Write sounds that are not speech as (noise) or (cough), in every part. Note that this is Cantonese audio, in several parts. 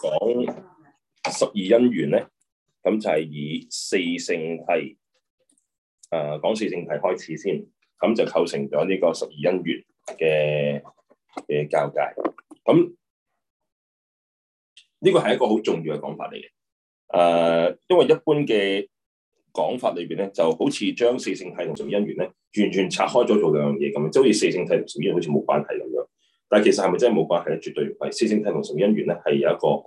講十二因緣咧，咁就係以四聖諦誒講四聖諦開始先，咁、嗯、就構成咗呢個十二因緣嘅嘅交界。咁、呃、呢、嗯，這個係一個好重要嘅講法嚟嘅。誒、呃，因為一般嘅講法裏邊咧，就好似將四聖諦同十二因緣咧，完全拆開咗做兩樣嘢咁，即好似四聖諦同十二好似冇關係咁樣。但其實係咪真係冇關係咧？絕對唔係。四聖諦同十二因緣咧，係有一個好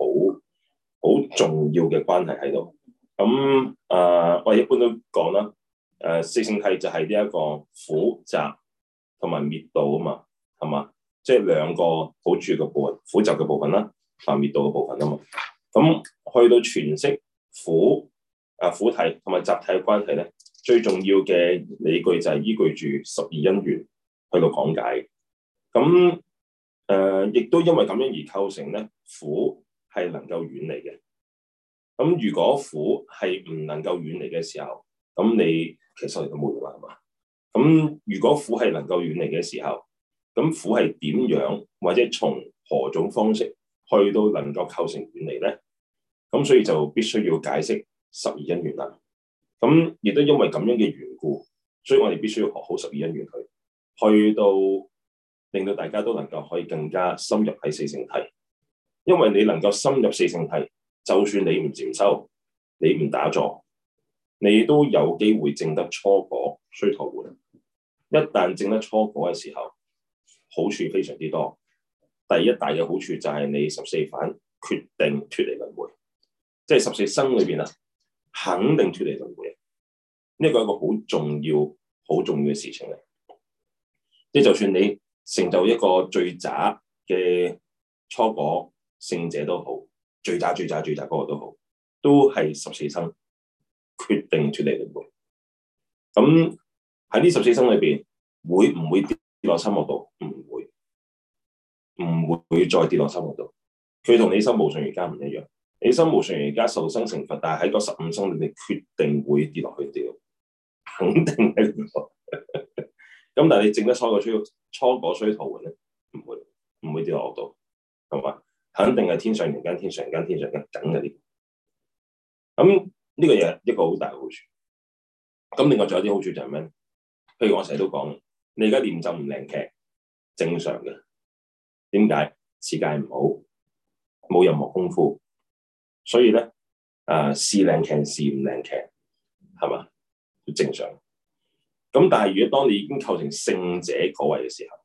好重要嘅關係喺度。咁啊，呃，我哋一般都講啦，誒四聖諦就係呢一個苦集同埋滅道啊嘛，係嘛？即係兩個好住嘅部分，苦集嘅部分啦，同埋滅道嘅部分啊嘛。咁，去到詮釋苦啊苦諦同埋集諦嘅關係咧，最重要嘅理據就係依據住十二因緣去到講解。咁誒、呃，亦都因為咁樣而構成咧苦係能夠遠離嘅。咁如果苦係唔能夠遠離嘅時候，咁你其實你都冇用啦嘛。咁如果苦係能夠遠離嘅時候，咁苦係點樣或者從何種方式去到能夠構成遠離咧？咁所以就必須要解釋十二因緣啦。咁亦都因為咁樣嘅緣故，所以我哋必須要學好十二因緣佢。去到。令到大家都能夠可以更加深入喺四聖諦，因為你能夠深入四聖諦，就算你唔禪修，你唔打坐，你都有機會證得初果須陀洹。一旦證得初果嘅時候，好處非常之多。第一大嘅好處就係你十四反決定脱離輪回，即係十四生裏邊啊，肯定脱離輪回。呢個係一個好重要、好重要嘅事情嚟，即係就算你。成就一個最渣嘅初果聖者都好，最渣最渣最渣嗰個都好，都係十四生決定脫離輪迴。咁喺呢十四生裏邊，會唔會跌落三惡道？唔會，唔會再跌落三惡道。佢同你心無常而家唔一樣，你心無常而家受生成罰，但係喺嗰十五生裏面決定會跌落去掉，肯定係。 (laughs) 咁但係你正得初果衰，初果衰逃嘅咧，唔會唔會跌落度，係嘛？肯定係天上人間，天上人間，天上人跟，等嗰啲。咁呢個嘢一個好大嘅好處。咁另外仲有啲好處就係咩？譬如我成日都講，你而家練就唔靚劇，正常嘅。點解？時間唔好，冇任何功夫，所以咧，啊、呃，試靚劇試唔靚劇，係嘛，正常。咁但係如果當你已經構成聖者果位嘅時候，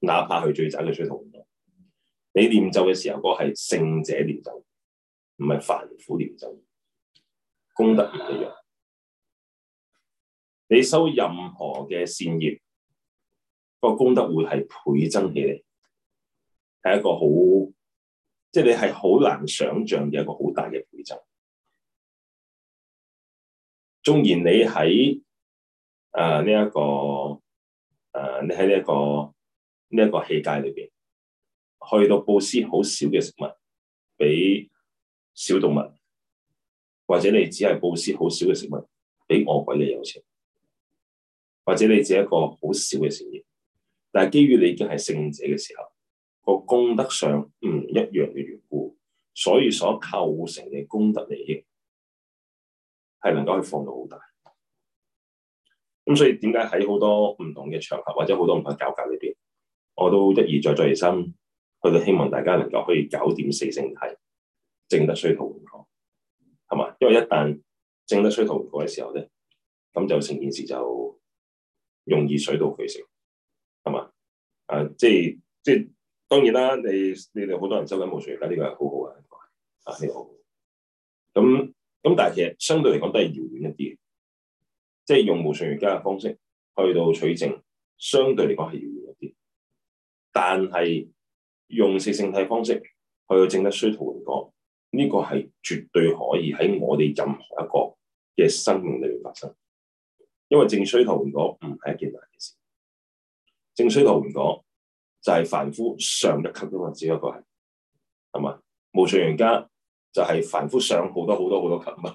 哪怕去最簡嘅出頭運動，你念咒嘅時候，個係聖者念咒，唔係凡夫念咒，功德唔一樣。你收任何嘅善業，個功德會係倍增起嚟，係一個好，即係你係好難想象嘅一個好大嘅倍增。縱然你喺誒，呢一、啊這個誒、啊，你喺呢一個呢一、這個器界裏邊，去到布施好少嘅食物俾小動物，或者你只係布施好少嘅食物俾餓鬼嘅有情，或者你只係一個好少嘅善業，但係基於你已經係聖者嘅時候，個功德上唔一樣嘅緣故，所以所構成嘅功德利益係能夠去放到好大。咁所以點解喺好多唔同嘅場合或者好多唔同嘅教教裏邊，我都一而再再而三去到希望大家能夠可以搞掂四聖諦，正得衰途無錯，係嘛？因為一旦正得衰途無錯嘅時候咧，咁就成件事就容易水到渠成，係嘛？誒、啊，即係即係，當然啦，你你哋好多人收緊無處，而家呢個係好、呢個、好嘅，啊，係、呢個、好嘅。咁咁，但係其實相對嚟講都係遙遠一啲。即係用無上瑜伽嘅方式去到取證，相對嚟講係遙遠一啲。但係用實性體方式去到證得須陀洹果，呢個係絕對可以喺我哋任何一個嘅生命裏面發生。因為證須陀洹果唔係一件難嘅事，證須陀洹果就係凡夫上一級啫嘛，只不過係，係嘛？無上瑜伽就係凡夫上好多好多好多級啊！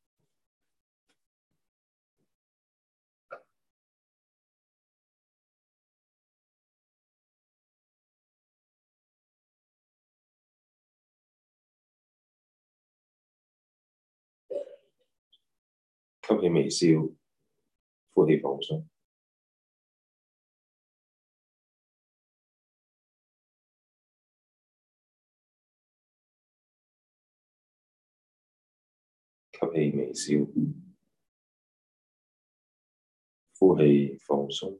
吸氣微笑，呼氣放鬆。吸氣微笑，呼氣放鬆。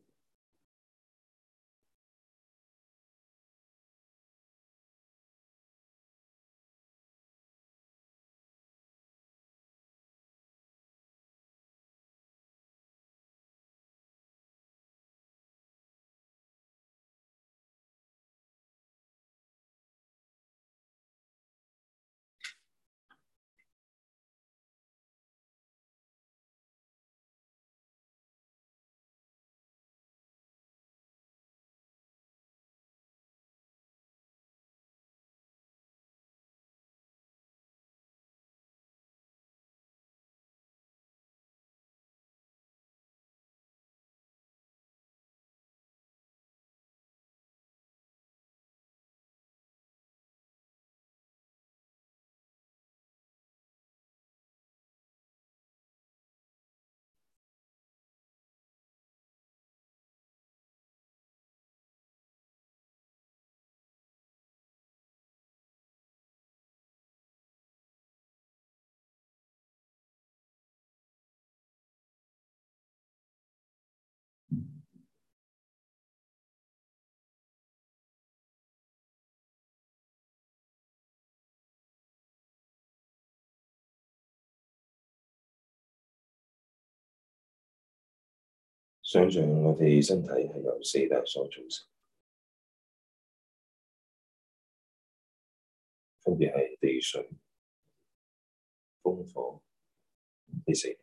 想象我哋身體係由四大所組成的，分別係地水風火呢四。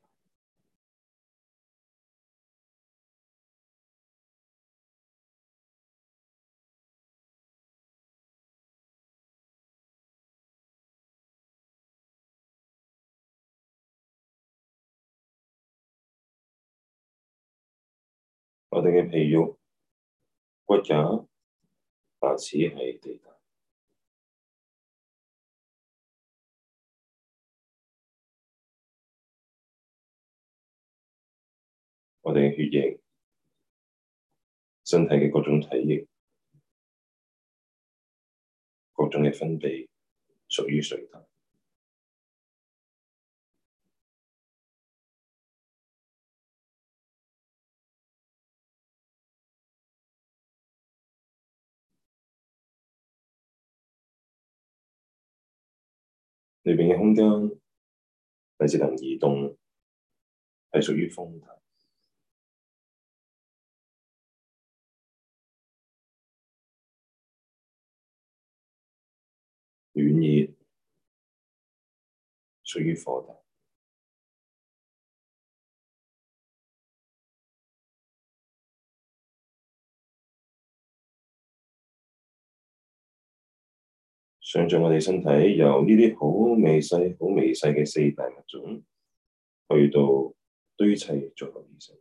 我哋嘅皮肉、骨骼、牙齒係地帶；我哋嘅血液、身體嘅各種體液、各種嘅分泌屬於，屬於水帶。裏邊嘅空間係只能移動，係屬於風大；暖熱屬於火大。想象我哋身體由呢啲好微細、好微細嘅四大物種去到堆砌，組合而成。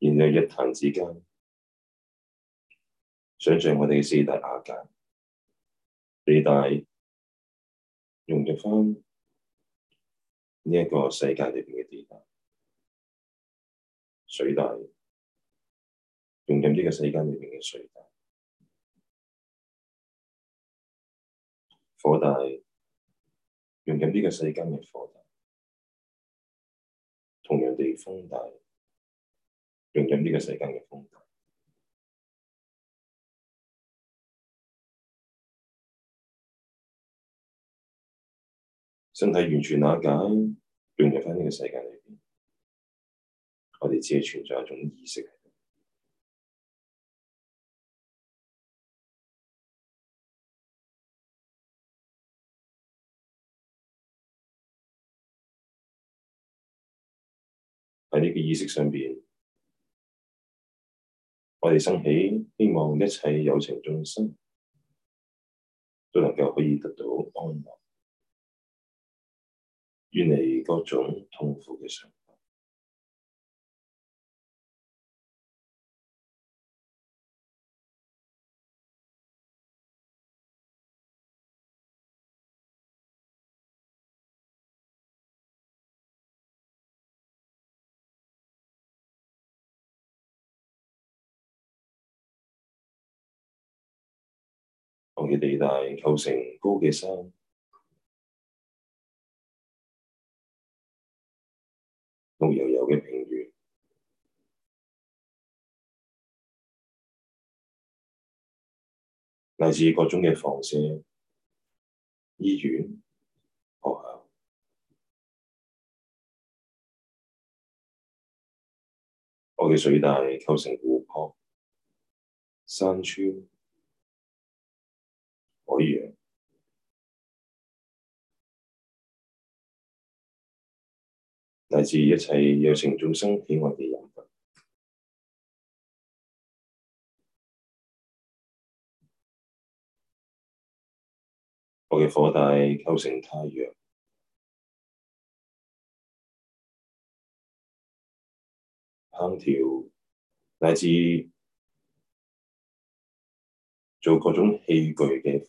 然後一彈之間，想象我哋四大瓦解，地大融入翻呢一個世界裏邊嘅地大、水大。融入呢個世間裏面嘅水大、火大，融入呢個世間嘅火大，同樣地風大，融入呢個世間嘅風大，身體完全瓦解，融入翻呢個世界裏邊，我哋只係存在一種意識。意識上邊，我哋生起希望，一切有情眾生都能夠可以得到安樂，遠離各種痛苦嘅上。地大構成高嘅山，綠油油嘅平原，乃至各種嘅房舍、醫院、學校。我嘅水大構成湖泊、山川。海洋，乃至一切有情眾生喜愛嘅飲品。我嘅火帶構成太陽、烹調，乃至做各種器具嘅。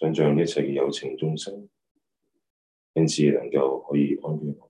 想像一切嘅有情眾生，因此能夠可以安居樂業。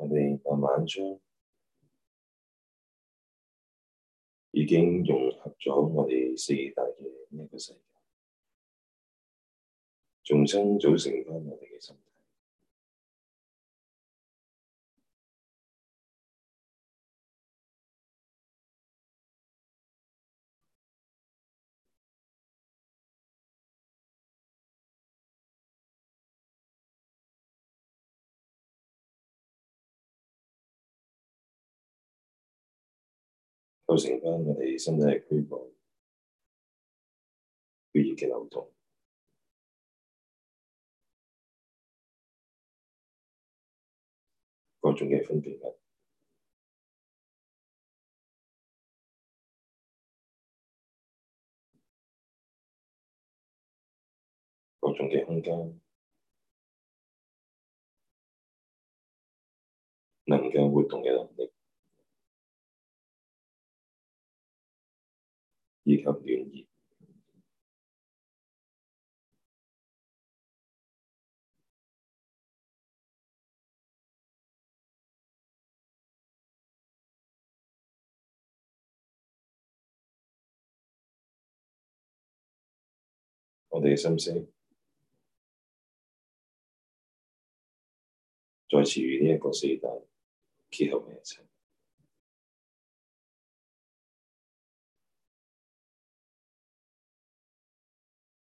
我哋慢慢將已經融合咗我哋四大嘅呢個世界，重新組成翻我哋嘅身體。構成翻我哋身體嘅驅動、血液嘅流動、各種嘅分別物、各種嘅空間，能夠活動嘅能力。以及暖意，我哋嘅心聲再次於呢一個時代，結合埋一齊。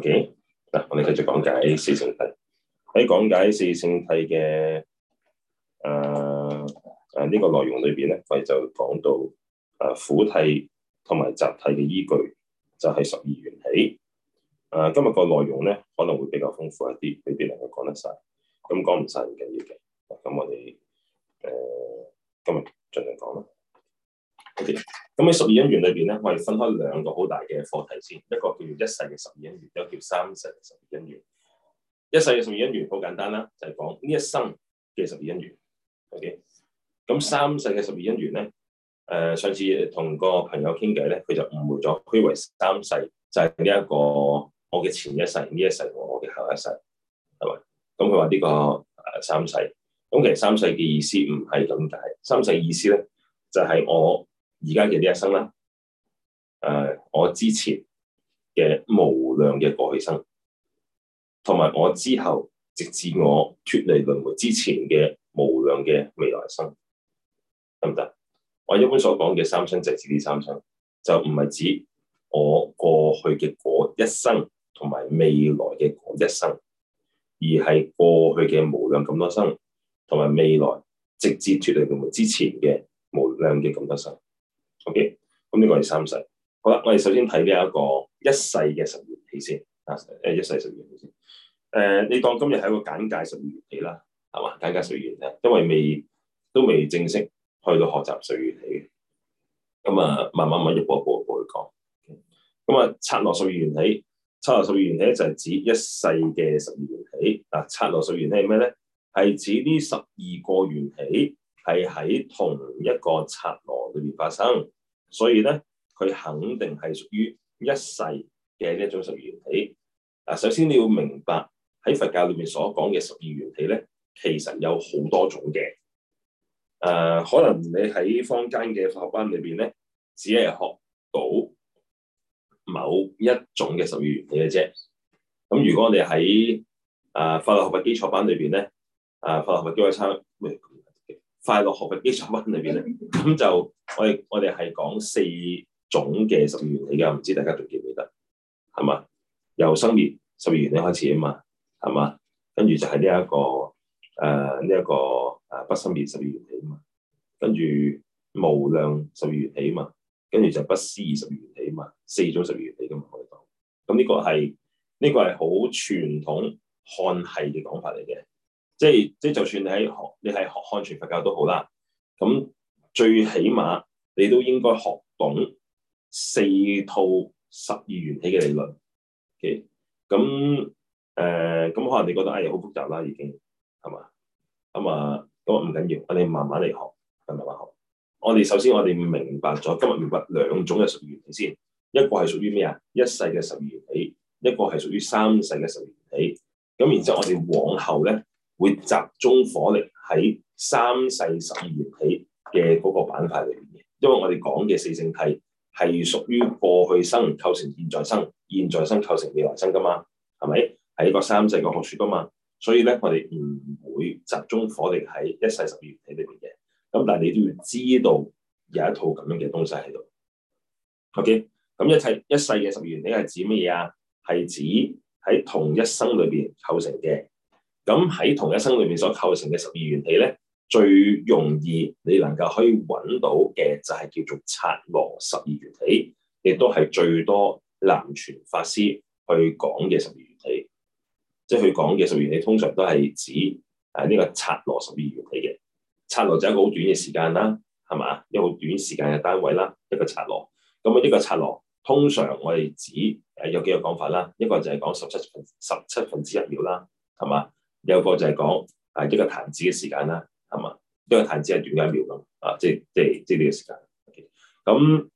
O K，嗱，我哋繼續講解四聖體。喺講 (noise) 解四聖體嘅誒誒呢個內容裏邊咧，我哋就講到誒苦、啊、體同埋集體嘅依據就係十二緣起。誒、呃、今日個內容咧，可能會比較豐富一啲，未必能夠講得晒。咁講唔晒，唔緊要嘅，咁我哋誒今日盡量講啦。O.K.，咁喺十二因緣裏邊咧，我哋分開兩個好大嘅課題先，一個叫做一世嘅十二因緣，一個叫三世嘅十二因緣。一世嘅十二因緣好簡單啦，就係講呢一生嘅十二因緣。O.K.，咁三世嘅十二因緣咧，誒、呃，上次同個朋友傾偈咧，佢就誤會咗，區為三世就係呢一個我嘅前一世、呢一世和我嘅後一世，係咪？咁佢話呢個誒三世，咁其實三世嘅意思唔係咁解，三世意思咧就係、是、我。而家嘅呢一生啦，誒，我之前嘅無量嘅過去生，同埋我之後直至我脫離輪迴之前嘅無量嘅未來生，得唔得？我一般所講嘅三,三生，就係指呢三生，就唔係指我過去嘅嗰一生，同埋未來嘅嗰一生，而係過去嘅無量咁多生，同埋未來直至脫離輪迴之前嘅無量嘅咁多生。O.K.，咁呢個係三世。好啦，我哋首先睇呢一個一世嘅十二緣起先。啊，誒，一世十二緣起先。誒、呃，你當今日係一個簡介十二緣起啦，係嘛？簡介十二緣起咧，因為未都未正式去到學習十二緣起嘅。咁、嗯、啊，慢慢慢一步一步一步去講。咁、嗯、啊，剎那十二緣起，剎那十二緣起就係指一世嘅十二緣起。啊，剎那十二緣起係咩咧？係指呢十二個緣起，係喺同一個剎那裏面發生，所以咧佢肯定係屬於一世嘅呢一種十二緣起。嗱，首先你要明白喺佛教裏面所講嘅十二緣起咧，其實有好多種嘅。誒、呃，可能你喺坊間嘅佛學班裏邊咧，只係學到某一種嘅十二緣起嘅啫。咁如果我哋喺誒法律學，學基礎、呃、法學基礎班裏邊咧，誒法律學法基礎差。快樂學嘅基礎文裏邊咧，咁就我哋我哋係講四種嘅十二緣起嘅，唔知大家仲記唔記得？係嘛？由生滅十二緣起開始啊嘛，係嘛？跟住就係呢一個誒呢一個誒不、啊、生滅十二緣起啊嘛，跟住無量十二緣起啊嘛，跟住就不思議十二緣起啊嘛，四種十二緣起咁啊，可以講。咁、這、呢個係呢個係好傳統漢系嘅講法嚟嘅。即係即係，就算你喺學，你係學漢傳佛教都好啦。咁最起碼你都應該學懂四套十二緣起嘅理論。O.K. 咁誒，咁、呃、可能你覺得誒好複雜啦，已經係嘛？咁啊，咁唔緊要，我哋慢慢嚟學，咁慢慢學，我哋首先我哋明白咗今日明白兩種嘅十二緣起先，一個係屬於咩啊？一世嘅十二緣起，一個係屬於三世嘅十二緣起。咁然之後我哋往後咧。會集中火力喺三世十二緣起嘅嗰個板塊裏邊嘅，因為我哋講嘅四聖諦係屬於過去生構成現在生，現在生構成未來生噶嘛，係咪？喺個三世個學説噶嘛，所以咧我哋唔會集中火力喺一世十二緣起裏邊嘅。咁但係你都要知道有一套咁樣嘅東西喺度。OK，咁一切一世嘅十二緣起你係指乜嘢啊？係指喺同一生裏邊構成嘅。咁喺同一生裏面所構成嘅十二緣起咧，最容易你能夠可以揾到嘅就係叫做剎那十二緣起，亦都係最多南傳法師去講嘅十二緣起。即係佢講嘅十二緣起，通常都係指誒呢個剎那十二緣起。嘅剎那就係一個好短嘅時間啦，係嘛？一個好短時間嘅單位啦，一個剎那。咁啊，呢個剎那通常我哋指誒有幾個講法啦，一個就係講十七分十七分之一秒啦，係嘛？有個就係講啊，一個彈指嘅時間啦，係嘛？一個彈指係短一秒咁啊，即係即係即係呢個時間。咁、嗯、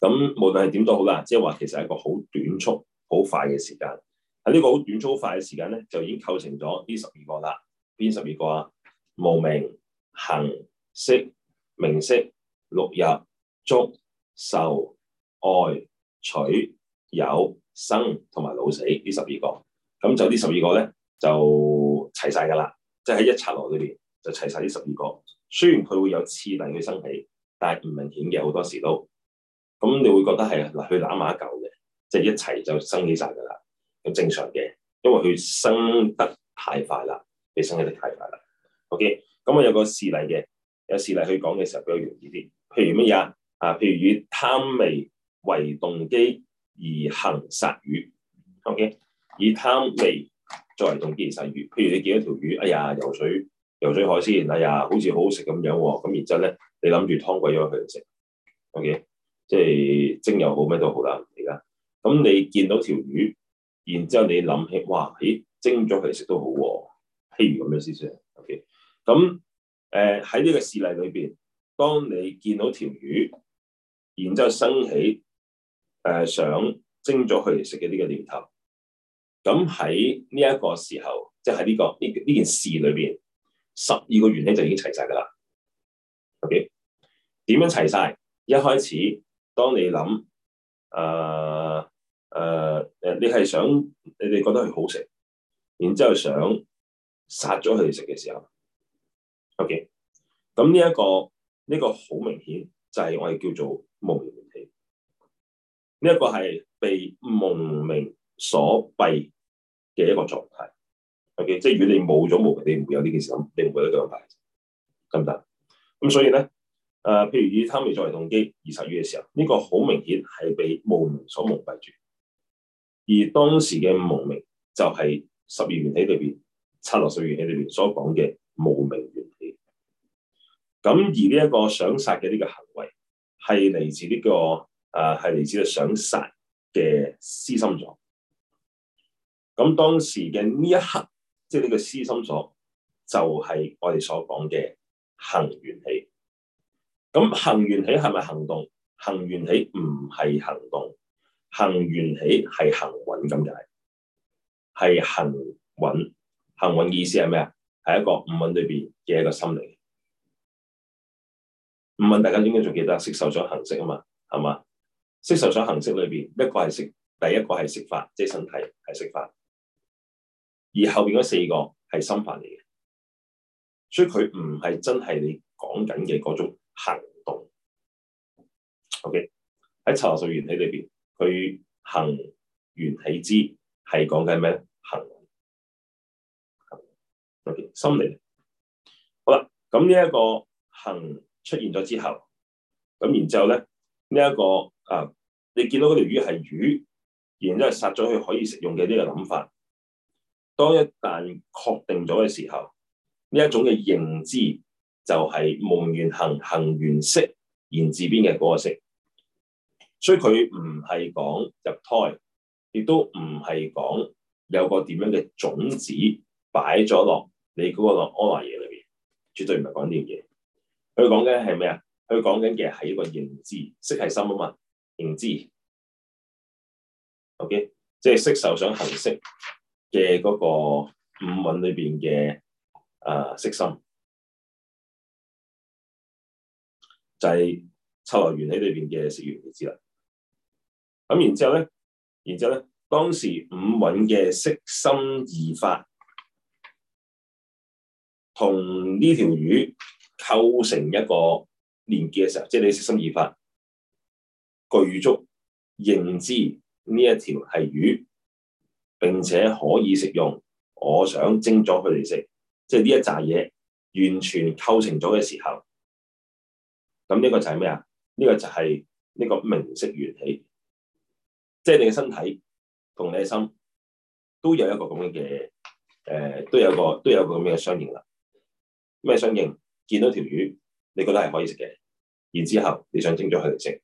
咁、嗯、無論係點都好啦，即係話其實係一個好短促、好快嘅時間。啊這個、時間呢個好短促、好快嘅時間，喺呢個好短促好快嘅時間咧，就已經構成咗呢十二個啦。邊十二個啊？無明、行、識、名色、六入、觸、受、愛、取、有、生同埋老死，呢十二個。咁就呢十二個咧。就齊晒噶啦，即係喺一剎那裏邊就齊晒呢十二個。雖然佢會有次例去生起，但係唔明顯嘅，好多時都。咁你會覺得係嗱，佢攬埋一嚿嘅，即係一齊就生起晒噶啦，咁正常嘅，因為佢生得太快啦，你生起得太快啦。OK，咁我有個示例嘅，有示例去講嘅時候比較容易啲。譬如乜嘢啊？譬如以貪味為動機而行殺魚。OK，以貪味。作為一種細魚，譬如你見到條魚，哎呀，游水，游水海鮮，哎呀，好似好好食咁樣喎。咁然之後咧，你諗住湯鬼咗佢嚟食，OK，即係蒸又好，咩都好啦，而家。咁你見到條魚，然之後你諗起，哇，咦、哎，蒸咗佢嚟食都好喎。譬如咁樣先想，OK。咁誒喺呢個事例裏邊，當你見到條魚，然之後生起誒、呃、想蒸咗佢嚟食嘅呢個念頭。咁喺呢一個時候，即係呢個呢呢件事裏邊，十二個緣起就已經齊晒噶啦。OK，點樣齊晒？一開始當你諗誒誒誒，你係想你哋覺得佢好食，然之後想殺咗佢哋食嘅時候，OK、這個。咁呢一個呢個好明顯就係我哋叫做無明緣起。呢、這、一個係被無明。所蔽嘅一個狀態，O.K.，即係如果你冇咗無明，你唔會有呢件事諗，你唔會有呢樣嘢，得唔得？咁所以咧，誒、呃，譬如以貪味作為動機而殺魚嘅時候，呢、這個好明顯係被無明所蒙蔽住，而當時嘅無明就係十二緣起裏邊七六十二緣起裏邊所講嘅無明緣起。咁而呢一個想殺嘅呢個行為，係嚟自呢、這個誒係嚟自想殺嘅思心所。咁當時嘅呢一刻，即係呢個思心所，就係我哋所講嘅行緣起。咁行緣起係咪行動？行緣起唔係行動，行緣起係行蘊咁解。係行蘊，行蘊意思係咩啊？係一個五蘊裏邊嘅一個心理。五蘊大家應該仲記得色受想行識啊嘛，係嘛？色受想行識裏邊，一個係色，第一個係色法，即係身體係色法。而後邊嗰四個係心法嚟嘅，所以佢唔係真係你講緊嘅嗰種行動。O K，喺剎那緣起裏邊，佢行緣起之係講緊咩咧？行，行心嚟。好啦，咁呢一個行出現咗之後，咁然之後咧，呢、這、一個啊，你見到嗰條魚係魚，然之後殺咗佢可以食用嘅呢個諗法。當一旦確定咗嘅時候，呢一種嘅認知就係悟完行，行完識，言字邊嘅嗰個識。所以佢唔係講入胎，亦都唔係講有個點樣嘅種子擺咗落你嗰、那個阿賴耶嘢裏邊，絕對唔係講呢樣嘢。佢講嘅係咩啊？佢講緊嘅係一個認知，識係心啊嘛，認知。OK，即係色受想行識。嘅嗰個五蘊裏邊嘅啊色心，就係臭來源喺裏邊嘅食色緣知類。咁然之後咧，然之後咧，當時五蘊嘅色心二法，同呢條魚構成一個連結嘅時候，即係你色心二法具足認知呢一條係魚。並且可以食用，我想蒸咗佢嚟食，即係呢一紮嘢完全構成咗嘅時候，咁呢個就係咩啊？呢、這個就係呢個名色緣起，即係你嘅身體同你嘅心都有一個咁樣嘅誒、呃，都有個都有個咁樣嘅相應啦。咩相應？見到條魚，你覺得係可以食嘅，然之後你想蒸咗佢嚟食，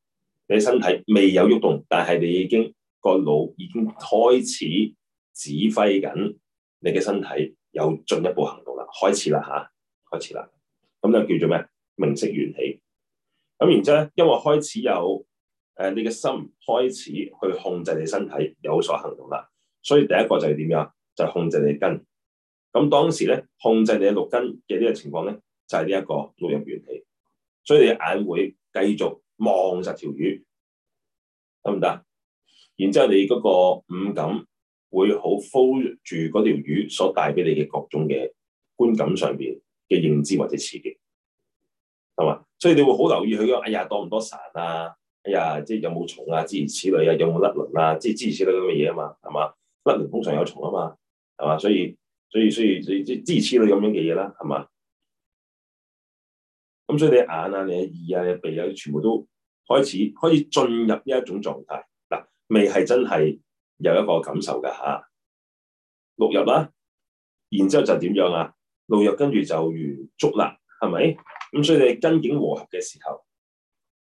你身體未有喐動，但係你已經、那個腦已經開始。指揮緊你嘅身體有進一步行動啦，開始啦吓、啊，開始啦，咁就叫做咩？名色緣起。咁然之後咧，因為開始有誒、呃，你嘅心開始去控制你身體有所行動啦，所以第一個就係點樣？就是、控制你根。咁當時咧，控制你嘅六根嘅呢個情況咧，就係呢一個六入緣起。所以你眼會繼續望實條魚，得唔得？然之後你嗰個五感。會好 follow 住嗰條魚所帶俾你嘅各種嘅觀感上邊嘅認知或者刺激，係嘛？所以你會好留意佢嘅，哎呀多唔多潺啊，哎呀即係有冇蟲啊，諸如此類啊，有冇甩鱗啊，即係諸如此類咁嘅嘢啊嘛，係嘛、啊？甩鱗通常有蟲啊嘛，係嘛？所以所以所以即係諸如此類咁樣嘅嘢啦，係嘛？咁所以你眼啊、你嘅耳啊、你鼻啊，全部都開始可以進入呢一種狀態。嗱、啊，味係真係。有一個感受噶吓，六、啊、入啦、啊，然之後就點樣啊？六入跟住就完足啦，係咪？咁所以你根境和合嘅時候，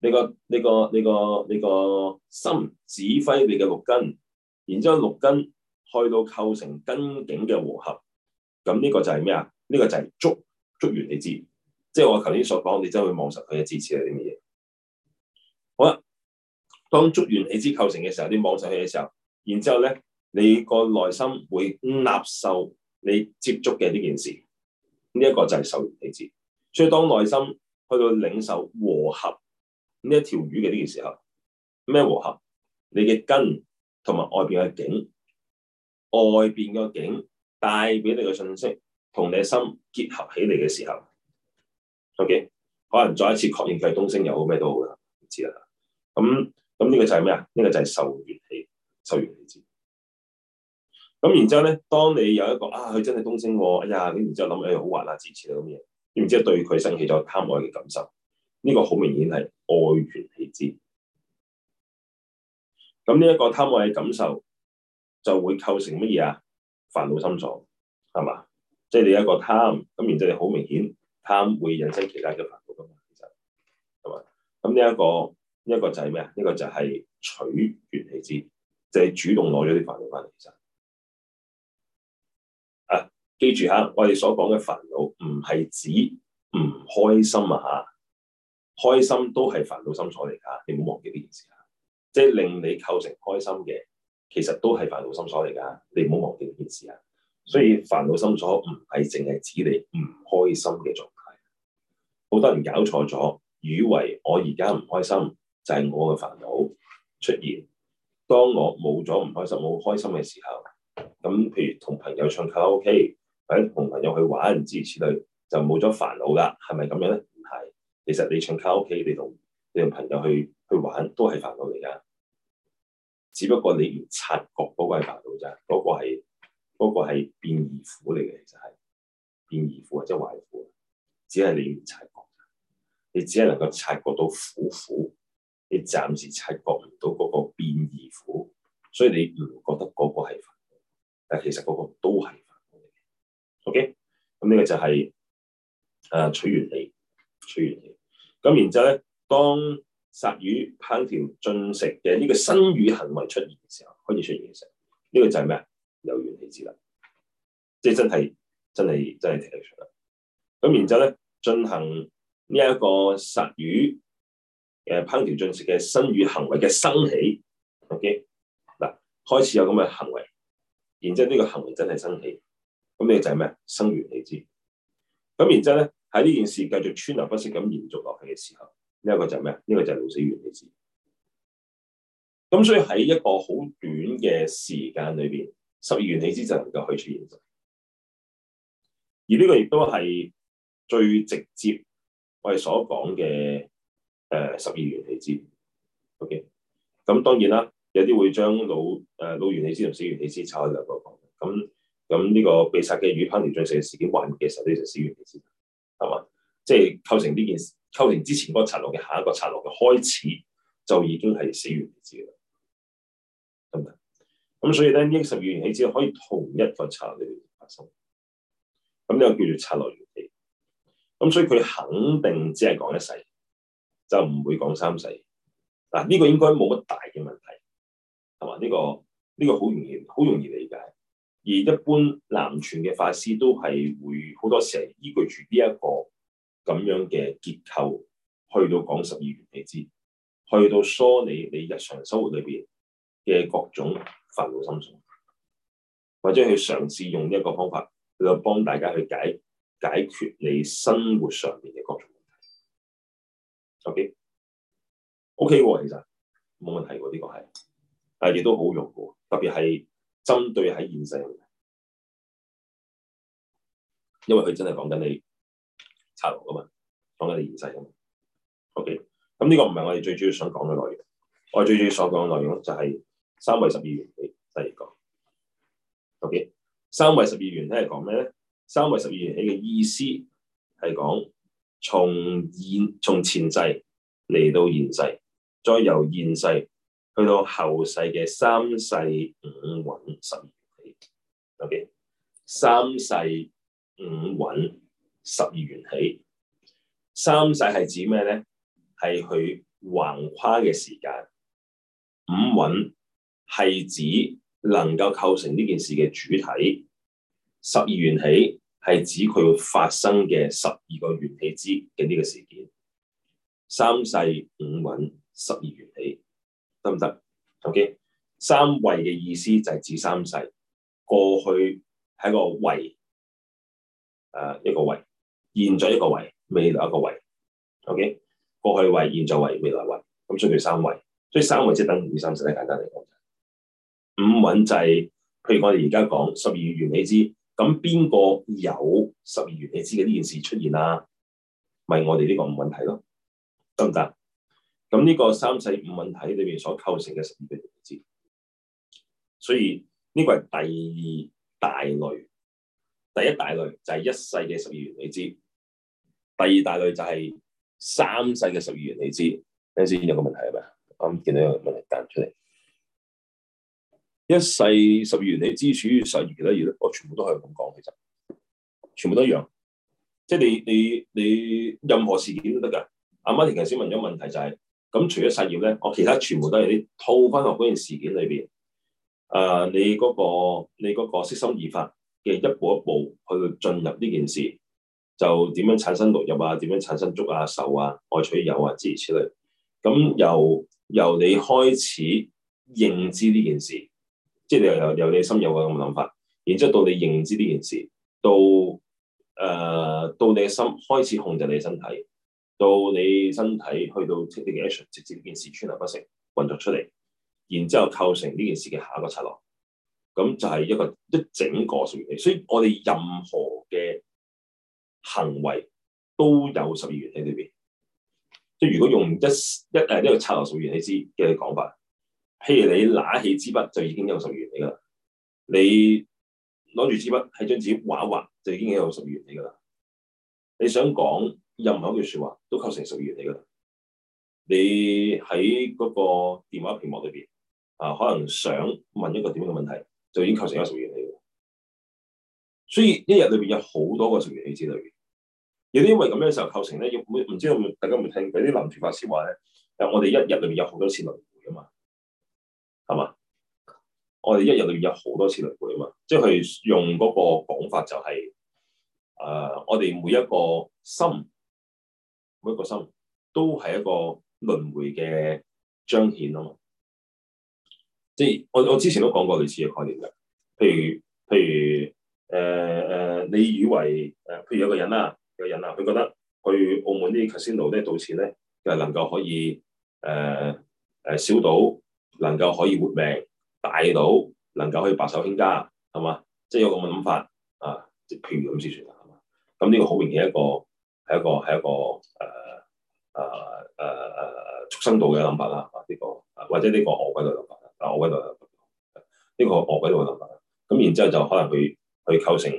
你個你個你個你個心指揮你嘅六根，然之後六根去到構成根境嘅和合，咁呢個就係咩啊？呢、這個就係觸，觸完你知，即係我頭先所講，你真去望實佢嘅字詞係啲乜嘢。好啦、啊，當觸完你知構成嘅時候，你望實佢嘅時候。然之後咧，你個內心會納受你接觸嘅呢件事，呢、這、一個就係受緣起。所以當內心去到領受和合呢一條魚嘅呢件事候，咩和合？你嘅根同埋外邊嘅境，外邊嘅境帶俾你嘅信息同你嘅心結合起嚟嘅時候，ok，可能再一次確認佢係東升有咩都好啦，唔知啦。咁咁呢個就係咩啊？呢、這個就係受緣起。受緣起支，咁然之後咧，當你有一個啊，佢真係東升喎，哎呀，咁然之後諗誒，起好玩啊，支持啊咁嘢，然之後對佢生起咗貪愛嘅感受，呢、這個好明顯係愛緣起支。咁呢一個貪愛嘅感受就會構成乜嘢啊？煩惱心所係嘛？即係你有一個貪，咁然之後好明顯貪會引生其他嘅煩惱心所，係嘛？咁呢一個呢一、這個就係咩啊？呢、這個就係取緣起支。即係主動攞咗啲煩惱翻嚟其實。啊，記住嚇，我哋所講嘅煩惱唔係指唔開心啊嚇，開心都係煩惱心所嚟噶，你唔好忘記呢件事啊。即係令你構成開心嘅，其實都係煩惱心所嚟噶，你唔好忘記呢件事啊。所以煩惱心所唔係淨係指你唔開心嘅狀態。好多人搞錯咗，以為我而家唔開心就係、是、我嘅煩惱出現。當我冇咗唔開心，冇開心嘅時候，咁譬如同朋友唱卡拉 OK，或者同朋友去玩，諸如此類，就冇咗煩惱啦，係咪咁樣咧？唔係，其實你唱卡拉 OK，你同你同朋友去去玩，都係煩惱嚟噶。只不過你唔察覺嗰個係煩惱咋。嗰個係嗰個係變異苦嚟嘅，其實係變異苦或者壞苦，只係你唔察覺，你只係能夠察覺到苦苦。你暫時察覺唔到嗰個變異苦，所以你唔覺得嗰個係苦，但其實嗰個都係苦。O.K.，咁呢個就係、是、誒、啊、取緣起，取緣起。咁然之後咧，當殺魚烹調進食嘅呢個身語行為出現嘅時候，開始出現嘅時候，呢、這個就係咩啊？有緣起之力，即係真係真係真係 technical 啦。咁然之後咧，進行呢一個殺魚。誒烹調進食嘅身語行為嘅生起，OK 嗱，開始有咁嘅行為，然之後呢個行為真係生起，咁呢個就係咩？生緣起支，咁然之後咧，喺呢件事繼續川流不息咁延續落去嘅時候，呢、這個這個、一個就係咩？呢個就係老死緣起支，咁所以喺一個好短嘅時間裏邊，十二緣起支就能夠去以出現。而呢個亦都係最直接我哋所講嘅。誒十二緣起支，OK。咁當然啦，有啲會將老誒老緣起支同死緣起支拆開兩個講。咁咁呢個被殺嘅魚烹調進食嘅事件壞滅嘅時候就死緣起支，係嘛？即係構成呢件事構成之前嗰個剎那嘅下一個剎那嘅開始，就已經係死緣起支啦，係咪？咁所以咧呢十二緣起支可以同一個剎那發生，咁呢個叫做剎那緣起。咁所以佢肯定只係講一世。就唔會講三世，嗱、啊、呢、呢個應該冇乜大嘅問題，係嘛？呢個呢、呢個好容易好容易理解，而一般南傳嘅法師都係會好多時係依據住呢一個咁樣嘅結構去到講十二緣起。你知，去到梳理你，你日常生活裏邊嘅各種煩惱心緒，或者去嘗試用呢一個方法去到幫大家去解解決你生活上面嘅各方 O.K.，O.K. 喎，okay? Okay, 其實冇問題喎、啊，呢、這個係，但係亦都好用嘅，特別係針對喺現世因為佢真係講緊你拆樓啊嘛，講緊你現世啊嘛。O.K.，咁、嗯、呢、這個唔係我哋最主要想講嘅內容，我最主要想講嘅內容就係三位十二緣起，第、就、二、是這個。O.K.，三位十二緣起係講咩咧？三位十二緣起嘅意思係講。從現從前世嚟到現世，再由現世去到後世嘅三世五蘊十二緣起。OK，三世五蘊十二緣起。三世係指咩咧？係佢橫跨嘅時間。五蘊係指能夠構成呢件事嘅主體。十二緣起，係指佢發生嘅十二個緣起支嘅呢個事件，三世五蘊十二緣起得唔得？OK，三位嘅意思就係指三世，過去係一個位，誒、呃、一個位，現在一個位，未來一個位。OK，過去位、現在位、未來位，咁所以叫三位。所以三位即係等於三世，簡單嚟講。五蘊就係，譬如我哋而家講十二緣起支。咁邊個有十二緣起嘅呢件事出現啦、啊，咪、就是、我哋呢個五蘊體咯，得唔得？咁呢個三世五蘊體裏面所構成嘅十二緣起，所以呢個係第二大類，第一大類就係一世嘅十二緣起，第二大類就係三世嘅十二緣起。啱先有個問題係咪？啱見到有個問題彈出嚟。一世十二緣起，支取十二其他月？咧，我全部都可以咁講。其實全部都一樣，即、就、係、是、你你你任何事件都得噶。阿媽其實頭先問咗問題就係、是、咁，除咗實業咧，我其他全部都係啲套翻落嗰件事件裏邊。誒、呃，你嗰、那個你個色心二法嘅一步一步去進入呢件事，就點樣產生六入啊？點樣產生觸啊、受啊、愛取有啊？諸如此類咁由由你開始認知呢件事。即係你有由你心有個咁嘅諗法，然之後到你認知呢件事，到誒、呃、到你嘅心開始控制你嘅身體，到你身體去到 take 啲 action，直接呢件事川流不息，運作出嚟，然之後構成呢件事嘅下一個剎那。咁就係一個一、就是、整個十二緣起。所以我哋任何嘅行為都有十二緣起喺度邊。即係如果用一一誒一,一個剎那十二緣起之嘅講法。譬如你拿起支筆，就已經有十二緣起嚟噶啦。你攞住支筆喺張紙畫一畫，就已經有十二緣起嚟噶啦。你想講任何一句説話，都構成十二緣起嚟噶啦。你喺嗰個電話屏幕裏邊啊，可能想問一個點樣嘅問題，就已經構成咗十二緣起嚟㗎啦。所以一日裏邊有好多個十二緣起嚟之類嘅。亦都因為咁樣時候構成咧，要唔知道大家有冇聽？有啲林傳法師話咧，但我哋一日裏邊有好多次輪迴啊嘛。係嘛？我哋一日到夜好多次輪迴啊嘛？即係用嗰個講法就係、是、誒、呃，我哋每一個心，每一個心都係一個輪迴嘅彰顯啊嘛！即係我我之前都講過類似嘅概念嘅，譬如譬如誒誒、呃，你以為誒，譬如有個人啦、啊，有個人啦、啊，佢覺得去澳門啲 casino 咧賭錢咧，係能夠可以誒誒少到。呃能夠可以活命大到能夠可以白手興家，係嘛？即係有咁嘅諗法啊！即譬如咁先算啦，係嘛？咁呢個好明顯一個係一個係一個誒誒誒畜生道嘅諗法啦、這個，啊呢個或者呢個惡鬼嘅諗法啦，啊惡、這個、鬼嘅諗法，呢個惡鬼嘅諗法啦。咁然之後就可能佢去構成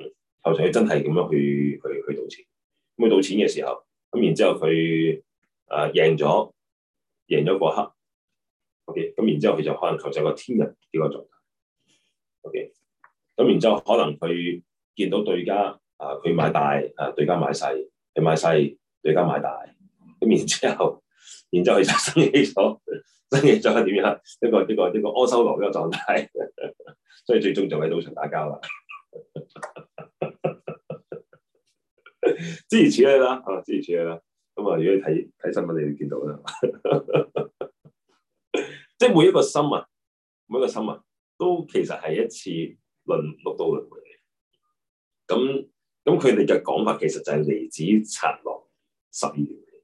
構成佢真係咁樣去去去賭錢，咁去賭錢嘅時候，咁、啊、然之後佢誒贏咗贏咗個黑。O.K.，咁然之後佢就可能求就個天人呢個狀態。O.K.，咁然之後可能佢見到對家啊，佢買大啊，對家買細，佢買細，對家買大。咁然之後，然之後佢就生起咗，生起咗點樣？一個一個一個阿修羅呢個狀態，所以最終就喺賭場打交啦。諸如此類啦，啊，諸如此類啦。咁啊，如果你睇睇新聞，你會見到啦。即係每一個心啊，每一個心啊，都其實係一次輪六道輪迴嚟嘅。咁咁，佢哋嘅講法其實就係嚟自剎那十二緣起，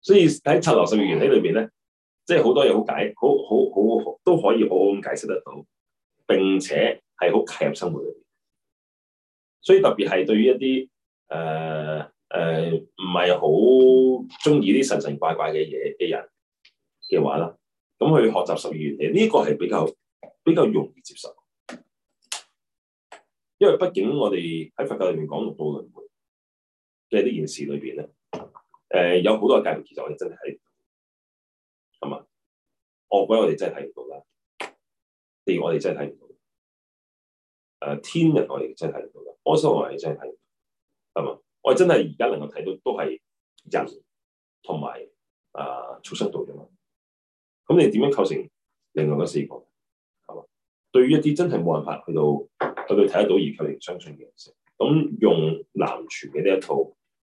所以喺剎那十二緣起裏邊咧，即係好多嘢好解，好好好都可以好好咁解釋得到，並且係好契合生活裏面。所以特別係對於一啲誒誒唔係好中意啲神神怪怪嘅嘢嘅人嘅話啦，咁去學習十二緣起呢個係比較比較容易接受，因為畢竟我哋喺佛教入面講六道輪迴嘅呢件事裏邊咧，誒有好多嘅界，其實,、呃、其實我哋真係係嘛惡鬼我哋真係睇唔到啦，譬如我哋真係睇唔到，誒、呃、天人我哋真係睇唔到啦，阿修羅我哋真係睇唔到，係嘛？我哋真係而家能夠睇到都係人同埋啊畜生道啫嘛。咁你點樣構成另外嗰四個？係嘛？對於一啲真係冇辦法去到去到睇得到而構，而佢哋相信嘅人成，咁用南傳嘅呢一套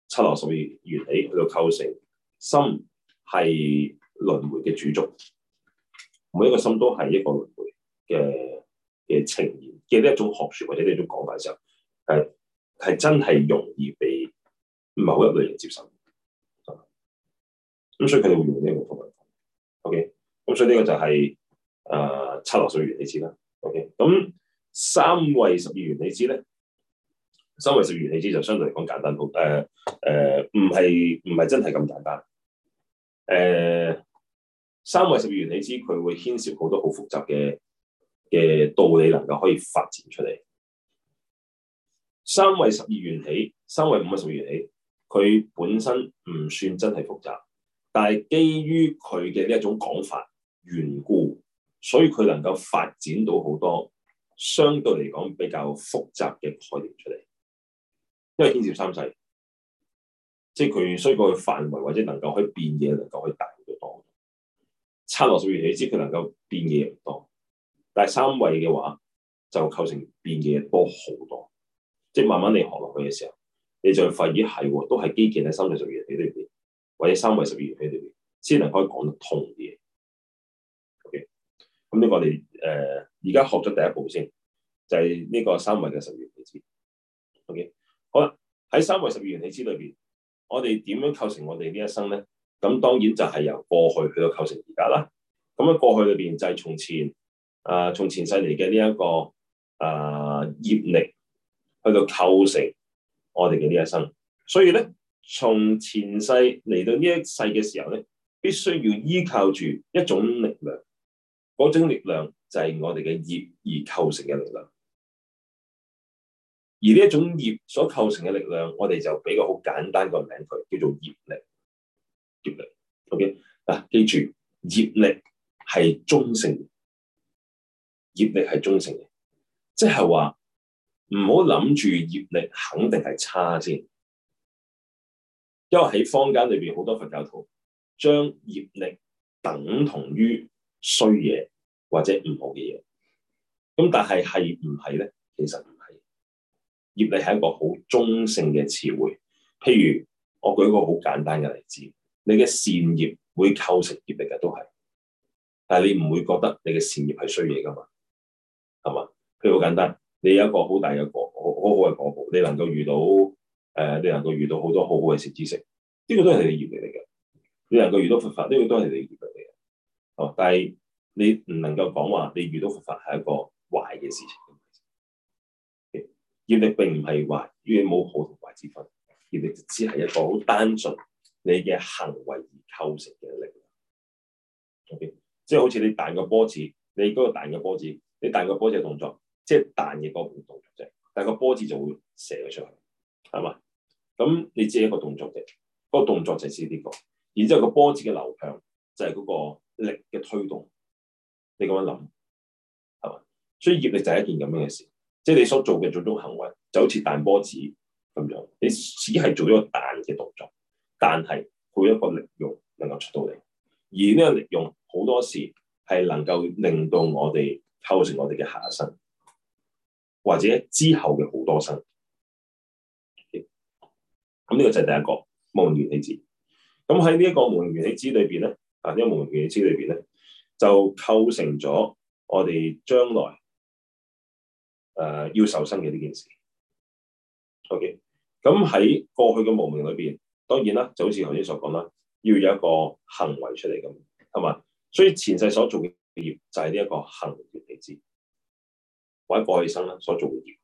剎那十二緣起去到構成心係輪迴嘅主軸，每一個心都係一個輪迴嘅嘅呈現嘅呢一種學説或者呢一種講法嘅時候，係係真係容易被某一類人接受。咁所以佢哋會用呢一個方法。OK。咁所以呢個就係、是、誒、呃、剎那十二緣起支啦。OK，咁三位十二緣起支咧，三位十二緣起支就相對嚟講簡單好多。誒唔係唔係真係咁簡單。誒、呃呃呃，三位十二緣起支佢會牽涉好多好複雜嘅嘅道理，能夠可以發展出嚟。三位十二緣起，三位五啊十二緣起，佢本身唔算真係複雜，但係基於佢嘅呢一種講法緣故，所以佢能夠發展到好多相對嚟講比較複雜嘅概念出嚟，因為牽涉三世，即係佢衰過嘅範圍或者能夠可以變嘢，能夠可以大好多。差落十二緣起，你知佢能夠變嘢唔多。但係三位嘅話，就構成變嘢多好多，即係慢慢你學落去嘅時候，你就會發現係喎，都係基建喺三位十二緣起喺呢邊，或者三位十二緣起喺呢邊，先能夠講得通啲嘢。咁呢個我哋誒而家學咗第一步先，就係、是、呢個三位嘅十二緣起支。OK，好啦，喺三位十二緣起支裏邊，我哋點樣構成我哋呢一生咧？咁當然就係由過去去到構成而家啦。咁樣過去裏邊，就係從前啊，從前世嚟嘅呢一個啊、呃、業力去到構成我哋嘅呢一生。所以咧，從前世嚟到呢一世嘅時候咧，必須要依靠住一種力量。嗰種力量就係我哋嘅業而構成嘅力量，而呢一種業所構成嘅力量，我哋就俾個好簡單個名佢，叫做業力。業力，OK 嗱、啊，記住，業力係中性，業力係中性嘅，即係話唔好諗住業力肯定係差先，因為喺坊間裏邊好多佛教徒將業力等同於衰嘢或者唔好嘅嘢，咁但係係唔係咧？其實唔係，業力係一個好中性嘅詞彙。譬如我舉一個好簡單嘅例子，你嘅善業會構成業力嘅，都係，但係你唔會覺得你嘅善業係衰嘢噶嘛？係嘛？譬如好簡單，你有一個好大嘅個好好嘅個寶，你能夠遇到誒，你能夠遇到好多好好嘅善知識，呢個都係你嘅業力嚟嘅。你能夠遇到佛法，呢個都係你嘅業力。哦，但係你唔能夠講話你遇到佛法係一個壞嘅事情。okay? 業力並唔係壞，亦冇好同壞之分。業力只係一個好單純你嘅行為而構成嘅力。okay? 即係好似你彈個波子，你嗰個彈個波子，你彈個波子嘅動作，即係彈嘅嗰個動作啫。但係個波子就會射咗出去，係嘛？咁你只係一個動作啫，嗰個動作就係呢個。然之後個波子嘅流向就係嗰個。力嘅推動，你咁樣諗係嘛？所以業力就係一件咁樣嘅事，即係你所做嘅種種行為，就好似彈波子咁樣，你只係做咗個彈嘅動作，但係佢一個力用能夠出到嚟，而呢個力用好多時係能夠令到我哋構成我哋嘅下一生，或者之後嘅好多生。咁、okay? 呢個就係第一個無明緣起支。咁喺呢一個無明緣起支裏邊咧。啊！啲無明嘅知裏邊咧，就構成咗我哋將來誒、呃、要受身嘅呢件事。OK，咁喺過去嘅無明裏邊，當然啦，就好似頭先所講啦，要有一個行為出嚟，咁，係咪？所以前世所做嘅業就係呢一個行為嘅知，或者過去生啦所做嘅業，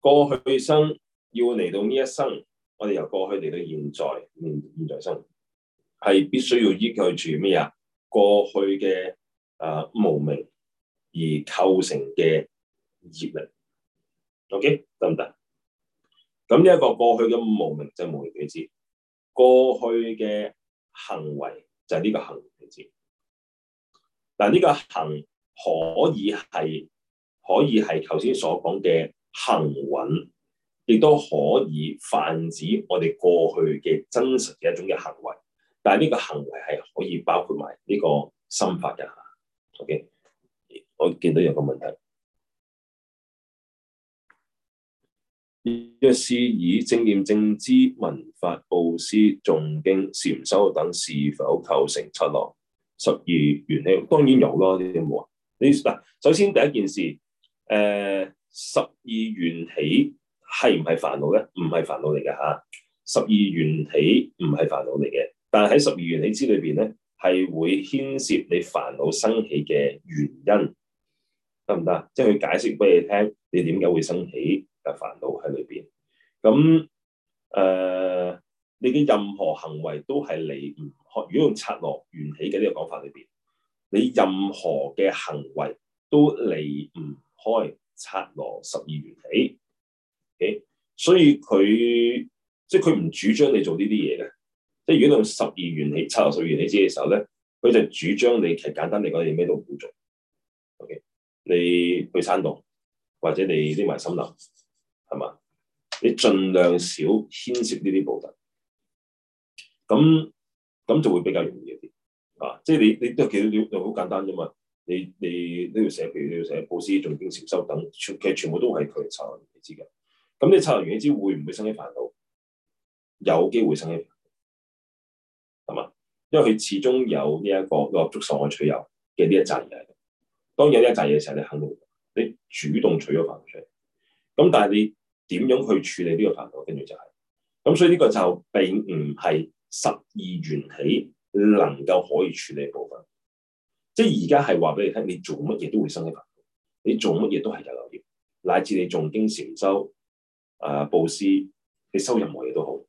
過去生要嚟到呢一生。我哋由過去嚟到現在，現現在生活係必須要依據住咩呀？過去嘅誒、呃、無名而構成嘅業力，OK 得唔得？咁呢一個過去嘅無名就無名舉字，過去嘅行為就係呢個行為字。嗱，呢個行可以係，可以係頭先所講嘅行穩。亦都可以泛指我哋過去嘅真實嘅一種嘅行為，但係呢個行為係可以包括埋呢個心法嘅。OK，我見到有個問題：若是以正念正知文法布施誦經禪修等，是否構成出落十二緣起？當然有啦，呢啲冇啊？你嗱，首先第一件事，誒、呃、十二緣起。係唔係煩惱咧？唔係煩惱嚟嘅嚇。十二緣起唔係煩惱嚟嘅，但係喺十二緣起之裏邊咧，係會牽涉你煩惱生起嘅原因，得唔得？即係佢解釋俾你聽，你點解會生起嘅煩惱喺裏邊？咁、嗯、誒、呃，你嘅任何行為都係離唔開。如果用剎那緣起嘅呢個講法裏邊，你任何嘅行為都離唔開剎那十二緣起。o、okay? 所以佢即係佢唔主張你做呢啲嘢嘅。即係如果你用十二緣起、七十六緣起止嘅時候咧，佢就主張你其實簡單嚟講，你咩都唔好做。OK，你去山洞或者你匿埋森林，係嘛？你盡量少牽涉呢啲步驟，咁咁就會比較容易一啲啊。即係你你都其實你好簡單啫嘛。你你呢條社譬如呢條社布斯仲經常收等，其實全部都係佢查起止噶。咁你拆完呢支會唔會生起煩惱？有機會生起煩惱，係嘛？因為佢始終有呢、這、一個落足所岸取有嘅呢一紮嘢嚟。當有呢一紮嘢嘅時候，你肯定你主動取咗煩惱出嚟。咁但係你點樣去處理呢個煩惱？跟住就係、是、咁，所以呢個就並唔係十二緣起能夠可以處理嘅部分。即係而家係話俾你聽，你做乜嘢都會生起煩惱，你做乜嘢都係有漏業，乃至你誦經禪修。啊！佈施你收任何嘢都好，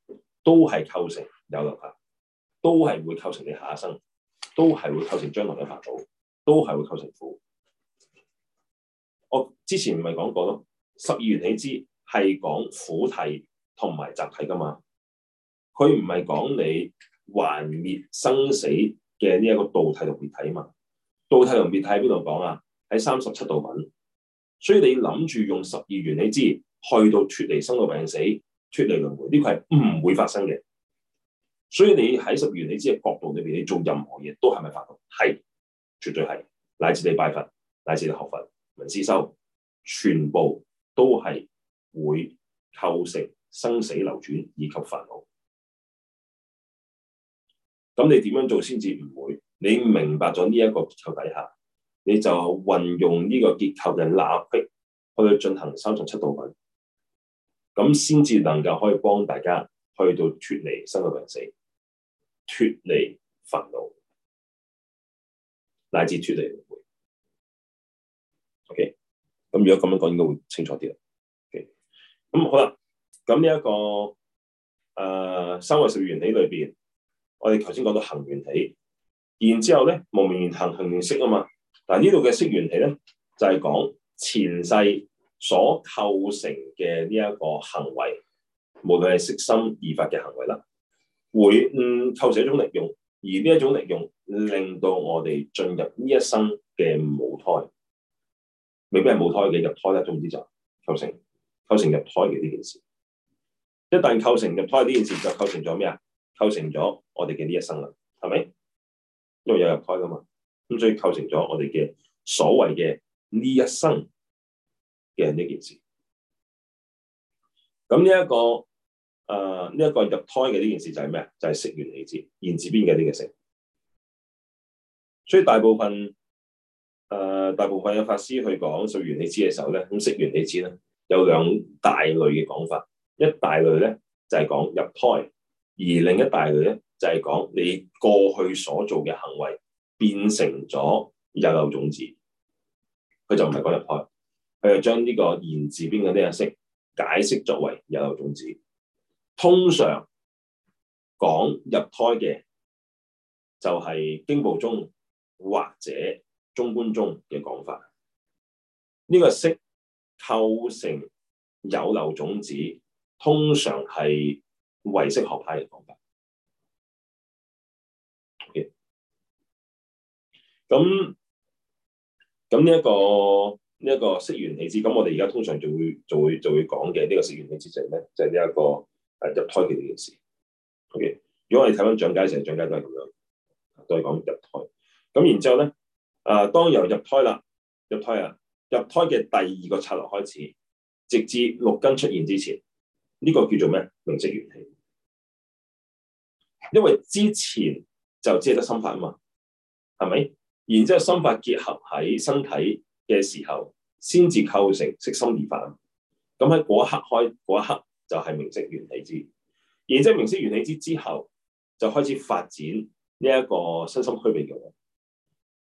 都係構成有漏嘅，都係會構成你下生，都係會構成將來嘅福報，都係會構成苦。我之前唔咪講過咯，十二緣起支係講苦諦同埋集諦噶嘛，佢唔係講你還滅生死嘅呢一個道諦同滅諦嘛，道諦同滅諦喺邊度講啊？喺三十七道品，所以你諗住用十二緣起支。去到脱離生老病死、脱離輪迴，呢個係唔會發生嘅。所以你喺十元圓理知嘅角度裏邊，你做任何嘢都係咪煩惱？係，絕對係。乃至你拜佛，乃至你學佛、聞思修，全部都係會構成生死流轉以及煩惱。咁你點樣做先至唔會？你明白咗呢一個結構底下，你就運用呢個結構嘅立迫去進行三十七七道品。咁先至能夠可以幫大家去到脱離生老病死，脱離煩惱乃至脱離。O K，咁如果咁樣講應該會清楚啲啦。O K，咁好啦，咁呢一個誒、呃、三位十二緣起裏邊，我哋頭先講到行緣起，然之後咧無明緣行，行緣識啊嘛，但係呢度嘅識緣起咧就係、是、講前世。所構成嘅呢一個行為，無論係色心二法嘅行為啦，會嗯構成一種力用，而呢一種力用令到我哋進入呢一生嘅母胎，未必係母胎嘅入胎啦，總之就構成構成入胎嘅呢件事。一旦構成入胎呢件事，就構成咗咩啊？構成咗我哋嘅呢一生啦，係咪？因為有入胎㗎嘛，咁所以構成咗我哋嘅所謂嘅呢一生。嘅呢一件事，咁呢一個誒呢一個入胎嘅呢件事就係咩啊？就係、是、食完你知，源自邊嘅呢個食。所以大部分誒、呃、大部分嘅法師去講食完你知嘅時候咧，咁食完你知咧有兩大類嘅講法，一大類咧就係、是、講入胎，而另一大類咧就係、是、講你過去所做嘅行為變成咗有漏種子，佢就唔係講入胎。佢就將呢個言字邊嗰啲啊識解釋作為有漏種子，通常講入胎嘅就係經部中或者中觀中嘅講法。呢、這個識構成有漏種子，通常係唯識學派嘅講法。o 咁咁呢一個。呢一個識緣起支，咁我哋而家通常就會仲會仲會講嘅呢個識緣起支係咩咧，就係呢一個誒、啊、入胎嘅呢件事。OK，如果我哋睇緊講解成個講解都係咁樣，都係講入胎。咁然之後咧，誒、啊、當由入胎啦，入胎啊，入胎嘅第二個剎那開始，直至六根出現之前，呢、這個叫做咩？名色緣起。因為之前就只係得心法啊嘛，係咪？然之後心法結合喺身體嘅時候。先至構成色心二分，咁喺嗰一刻開，嗰一刻就係名色緣起。然即係名色緣起之後，就開始發展呢一個身心區域嘅嘢。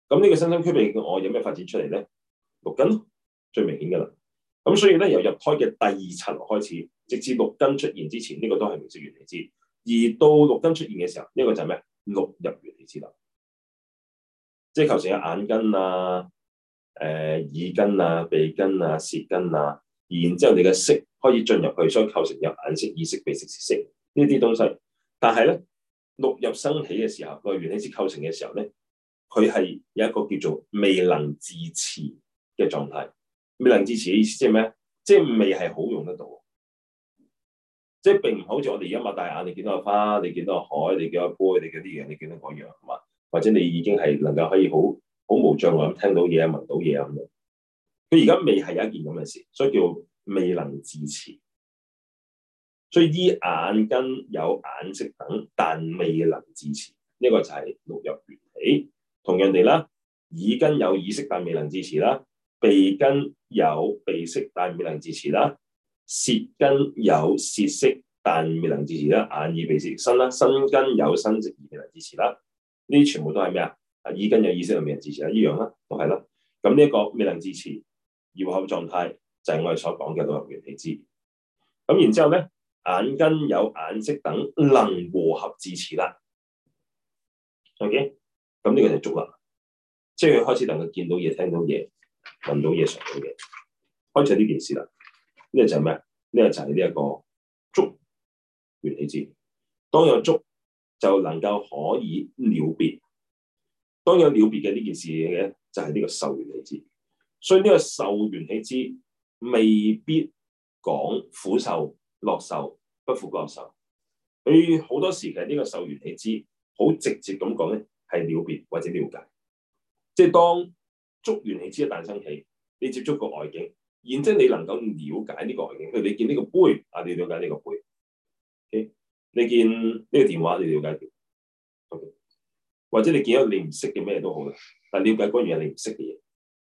咁呢個身心區域嘅我有咩發展出嚟咧？六根最明顯嘅啦。咁所以咧，由入胎嘅第二層開始，直至六根出現之前，呢、這個都係名色緣起。而到六根出現嘅時候，呢、這個就係咩？六入緣起啦。即係構成嘅眼根啊。誒、呃，耳根啊、鼻根啊、舌根啊，然之後你嘅色可以進入去，所以構成有眼色、耳色、鼻色、色、舌色呢啲東西。但係咧，六入生起嘅時候，六緣起至構成嘅時候咧，佢係有一個叫做未能自持嘅狀態。未能自持嘅意思即係咩？即係未係好用得到，即係並唔好似我哋而家擘大眼，你見到個花，你見到個海，你見到，到波，你見到啲嘢，你見到嗰樣，嘛，或者你已經係能夠可以好。好無障礙咁聽到嘢，聞到嘢啊咁樣，佢而家未係有一件咁嘅事，所以叫未能自持。所以依眼根有眼色等，但未能自持。呢、這個就係六入緣起。同樣地啦，耳根有耳識，但未能自持啦；鼻根有鼻識，但未能自持啦；舌根有舌識，但未能自持啦；眼耳鼻舌身啦，身根有身識，而未能自持啦。呢啲全部都係咩啊？啊，耳根有耳識就是這個、未能自持啦，依樣啦，都係啦。咁呢一個未能自持，和合狀態就係我哋所講嘅六入緣起支。咁然之後咧，眼根有眼識等能和合自持啦。Ok，咁呢個就觸啦，即係佢開始能夠見到嘢、聽到嘢、聞到嘢、嘗到嘢。開始呢件事啦。呢、這個就係咩？呢、這個就係呢一個觸緣起支。當有觸，就能夠可以了別。當有「了別嘅呢件事嘅就係、是、呢個受緣起支。所以呢個受緣起支」未必講苦受、樂受、不苦不樂受。佢好多時其實呢個受緣起支」好直接咁講咧，係了別或者了解。即係當觸緣起支」一誕生起，你接觸個外境，然之後你能夠了解呢個外境。譬如你見呢個杯，啊，你了解呢個杯。O、okay? 你見呢個電話，你了解或者你見到你唔識嘅咩都好嘅，但了解關於你唔識嘅嘢，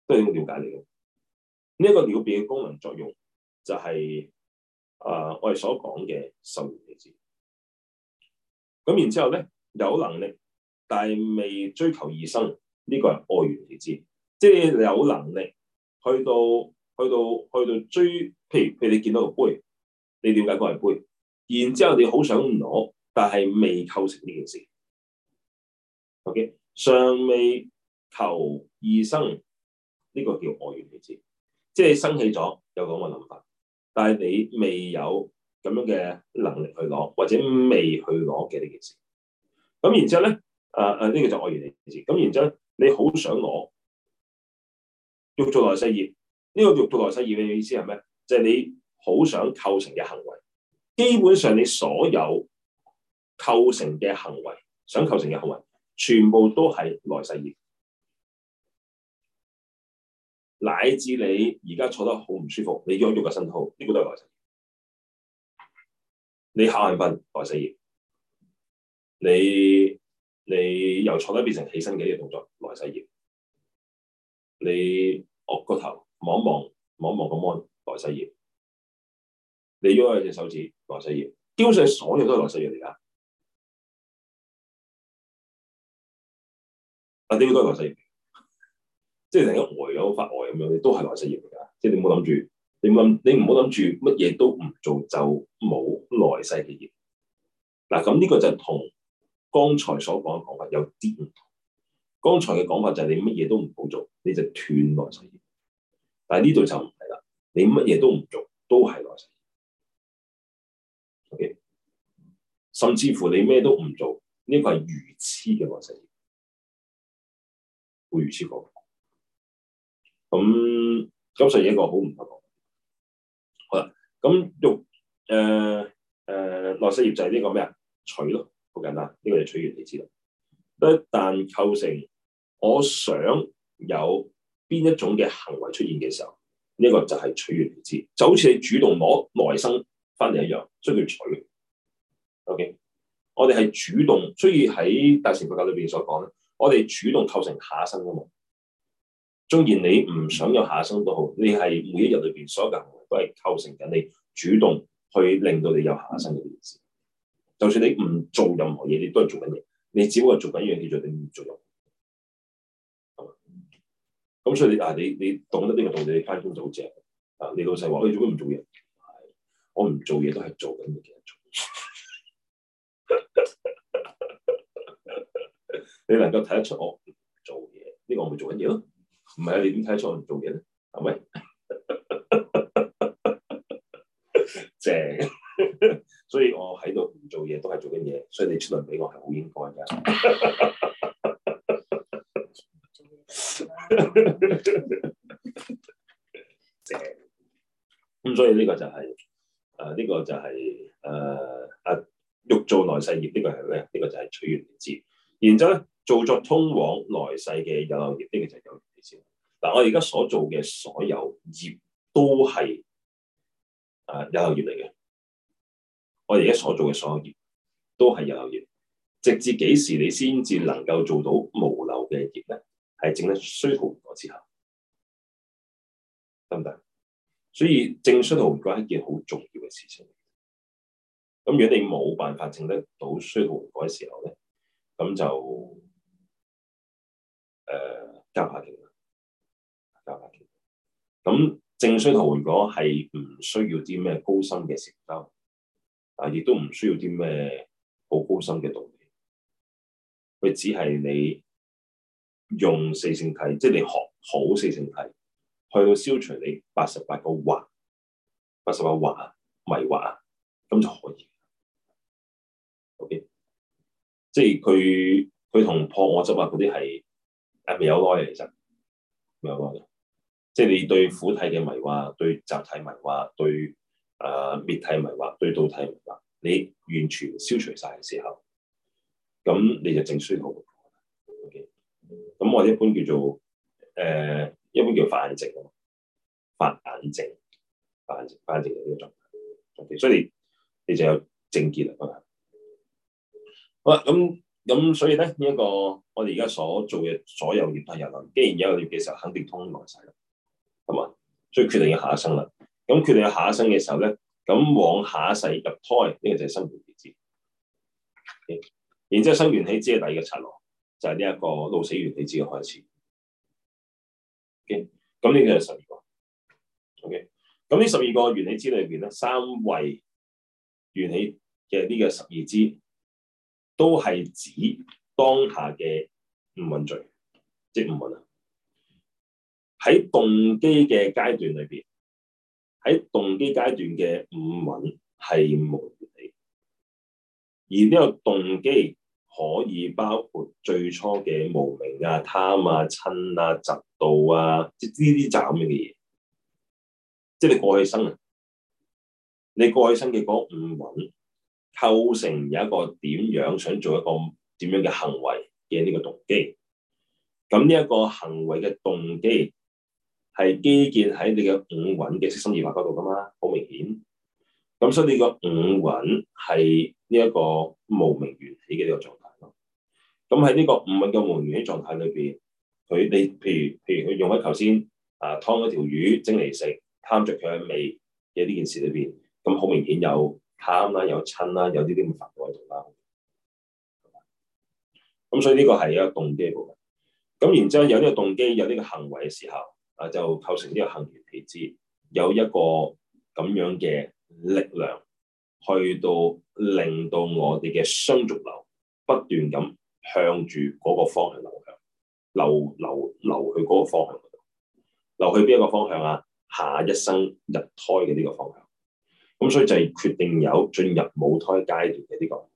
都係一種了解嚟嘅。呢一個了別嘅功能作用、就是，就係啊，我哋所講嘅受緣起支。咁然之後咧，有能力但係未追求而生，呢、呢個係愛緣起支，即係有能力去到去到去到追，譬如譬如你見到個杯，你了解關於杯，然之後你好想攞，但係未構成呢件事。尚未求而生，呢、這個叫愛緣起，即係生起咗有咁嘅諗法，但係你未有咁樣嘅能力去攞，或者未去攞嘅、這個、呢件事。咁然之後咧，誒誒，呢個就愛緣起。咁然之後呢，你好想攞，欲造來世業，呢、這個欲造來世業嘅意思係咩？就係、是、你好想構成嘅行為，基本上你所有構成嘅行為，想構成嘅行為。全部都係來世業，乃至你而家坐得好唔舒服，你喐一喐嘅身泡，呢、這個都係來世業。你下眼瞓，來世業；你你由坐得變成起身嘅一啲動作，來世業；你臥個頭看看，望望，望望咁望，來世業；你喐一隻手指，來世業。基本上所有都係來世業嚟㗎。嗱，點解來世業？即係你一呆咗發呆咁樣，你都係來世業嚟噶。即係你唔好諗住，你唔諗，你唔好諗住乜嘢都唔做就冇來世嘅業。嗱，咁呢個就同剛才所講嘅講法有啲唔同。剛才嘅講法就係你乜嘢都唔好做，你就斷來世業。但係呢度就唔係啦，你乜嘢都唔做都係來世業。OK，甚至乎你咩都唔做，呢個係愚痴嘅來世。冇預設過，咁、嗯、今世一個好唔同，好啦，咁肉誒誒來世業就係呢個咩啊？取咯，好簡單，呢、這個就取緣起啦。一旦構成我想有邊一種嘅行為出現嘅時候，呢、這個就係取緣起。就好似你主動攞來生翻嚟一樣，所以叫取。O.K. 我哋係主動，所以喺大乘佛教裏邊所講咧。我哋主動構成下生噶嘛，縱然你唔想有下生都好，嗯、你係每一日裏邊所有嘅行為都係構成緊你主動去令到你有下生嘅意思。嗯、就算你唔做任何嘢，你都係做緊嘢，你只不過做緊一樣嘢，你做定業作用。咁、嗯、所以你啊，你你懂得邊個道理？你翻工就好正。啊，你老細話：「你做乜唔做嘢，我唔做嘢都係做緊嘅。」你能夠睇得出我做嘢，呢、這個我咪做緊嘢咯？唔係啊，你點睇得出我唔做嘢咧？係咪？ (laughs) 正， (laughs) 所以我喺度唔做嘢都係做緊嘢，所以你出嚟俾我係好應該噶。 (laughs) 正。咁所以呢個就係、是呃這個就是呃，啊呢個就係，誒啊欲造來世業，呢、這個係咩？呢、這個就係取緣起，然之後咧。做作通往來世嘅有漏業，呢、這個就係有漏業先。嗱，我而家所做嘅所有業都係啊有漏業嚟嘅。我而家所做嘅所有業都係有漏業。直至幾時你先至能夠做到無漏嘅業咧？係整得衰好唔好之後，得唔得？所以正衰好唔好係一件好重要嘅事情。咁如果你冇辦法整得到衰好唔改嘅時候咧，咁就。誒、呃，加下勁啦，加下勁。咁、嗯、證須陀洹果係唔需要啲咩高深嘅成就，啊，亦都唔需要啲咩好高深嘅道理。佢只係你用四聖諦，即、就、係、是、你學好四聖諦，去到消除你八十八個惑，八十八惑啊，迷惑啊，咁就可以。o、okay？即係佢佢同破我執啊嗰啲係。係未有愛嘅，其實未有愛嘅，即係你對苦體嘅迷惑、對集體迷惑、對誒滅、呃、體迷惑、對道體迷惑，你完全消除晒嘅時候，咁你就正需好。O K，咁我一般叫做誒、呃，一般叫反正啊，反眼正，反正反正嘅呢個狀態。所以你，你就有正結啦。好啦，咁。咁所以咧，呢、這、一個我哋而家所做嘅所有業都係由既然有業嘅時候，肯定通來世，係嘛？所以決定要下一生啦。咁決定要下一生嘅時候咧，咁往下一世入胎，呢、這個就係生緣起支。Okay? 然之後生緣起支係第二個剎那，就係呢一個老死緣起支嘅開始。咁、okay? 呢個係十二個。OK，咁呢十二個緣起支裏邊咧，三位緣起嘅呢個十二支。都係指當下嘅五蘊罪，即五蘊啊！喺動機嘅階段裏邊，喺動機階段嘅五蘊係無明，而呢個動機可以包括最初嘅無明啊、貪啊、瞋啊、嫉妒啊，即呢啲斬命嘅嘢。即你過去生啊，你過去生嘅嗰五蘊。構成有一個點樣想做一個點樣嘅行為嘅呢個動機，咁呢一個行為嘅動機係基建喺你嘅五蘊嘅色心二法嗰度噶嘛，好明顯。咁所以呢個五蘊係呢一個無明緣起嘅呢個狀態咯。咁喺呢個五蘊嘅無明緣起狀態裏邊，佢你譬如譬如佢用喺頭先啊，劏一條魚蒸嚟食，貪着佢嘅味嘅呢件事裏邊，咁好明顯有。貪啦、啊，有瞋啦、啊，有啲啲咁嘅佛愛動啦，咁、啊、所以呢個係一個動機嘅部分。咁然之後有呢個動機，有呢個行為嘅時候，啊就構成呢個行緣起支，有一個咁樣嘅力量，去到令到我哋嘅相續流不斷咁向住嗰個方向流向，流流流去嗰個方向度，流去邊一個方向啊？下一生入胎嘅呢個方向。咁所以就係決定有進入母胎階段嘅呢、這個，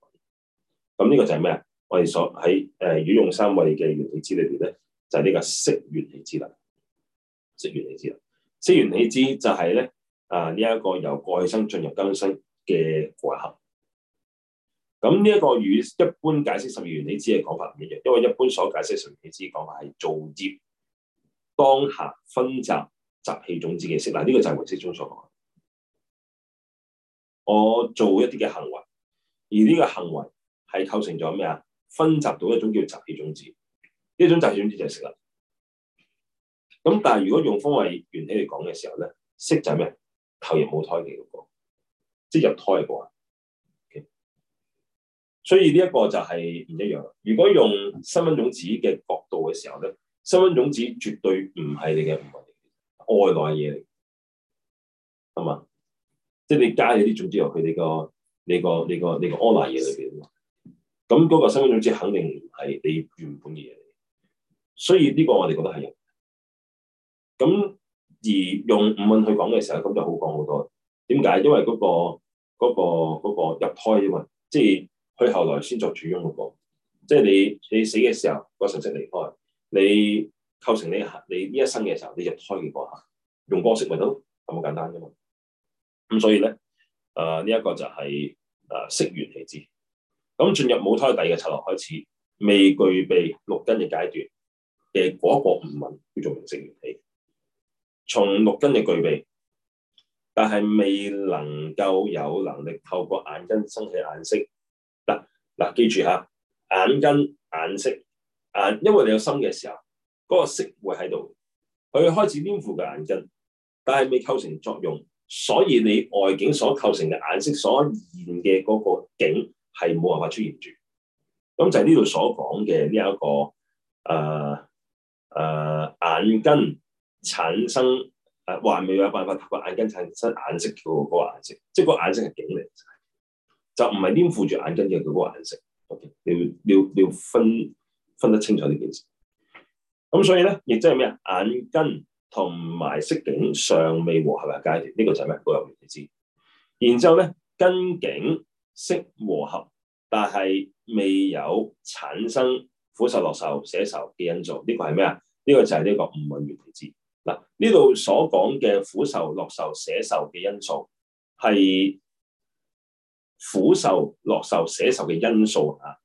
咁呢個就係咩啊？我哋所喺誒乳用三位嘅緣起支裏邊咧，就係、是、呢個識緣起支流，識緣起支流，識緣起支就係咧啊呢一個由過去生進入更新嘅過合。咁呢一個與一般解釋十二緣起支嘅講法唔一樣，因為一般所解釋十二緣起支講法係造業、當下薰習、習氣種子嘅識。嗱，呢個就係唯識宗所講。我做一啲嘅行為，而呢個行為係構成咗咩啊？薰習到一種叫習氣種子，呢種習氣種子就係識啦。咁但係如果用分位緣起嚟講嘅時候咧，識就係咩啊？投入母胎嘅嗰個，即係入胎嗰個。Okay? 所以呢一個就係唔一樣。如果用新穀種子嘅角度嘅時候咧，新穀種子絕對唔係你嘅唔嚟嘅，外來嘢嚟，係嘛？即係你加你啲種子入去，哋個、你個、你個，你，你裏、你個 online 嘢裏邊咯。咁嗰個新嘅種子肯定係你原本嘢嚟，所以呢個我哋覺得係。咁而用五蘊去講嘅時候，咁就好講好多。點解？因為嗰、嗰個、嗰、嗰個嗰個嗰個、入胎之問，即係佢後來先作轉用嗰個。即係你你死嘅時候，個神識離開你構成你你呢一生嘅時候，你入胎嘅個客用方色咪都咁簡單㗎嘛。咁所以咧，誒呢一個就係、是、誒、呃、識緣起之，咁、嗯、進入母胎第二嘅剎那開始，未具備六根嘅階段嘅嗰個五蘊叫做名色緣起，從六根嘅具備，但係未能夠有能力透過眼根生起眼色、啊啊、眼根眼色，嗱嗱記住嚇，眼根眼色眼，因為你有心嘅時候，嗰、那個色會喺度，佢開始黏附嘅眼根，但係未構成作用。所以你外境所構成嘅顏色所現嘅嗰個境係冇辦法出現住，咁就呢度所講嘅呢一個誒誒、呃呃、眼根產生誒、呃，還未有辦法透過眼根產生眼識叫嗰個顏色，即係個顏色係境嚟，就唔係黏附住眼根嘅佢嗰個顏色。OK，你要你要分分得清楚呢件事。咁所以咧，亦即係咩啊？眼根。同埋識境尚未和合嘅階段，呢個就係咩？六入緣起支。然之後咧，根境識和合，但係未有產生苦受、樂受、捨受嘅因素。呢個係咩啊？呢個就係呢個觸緣起支。嗱，呢度所講嘅苦受、樂受、捨受嘅因素，係苦受、樂受、捨受嘅因素啊，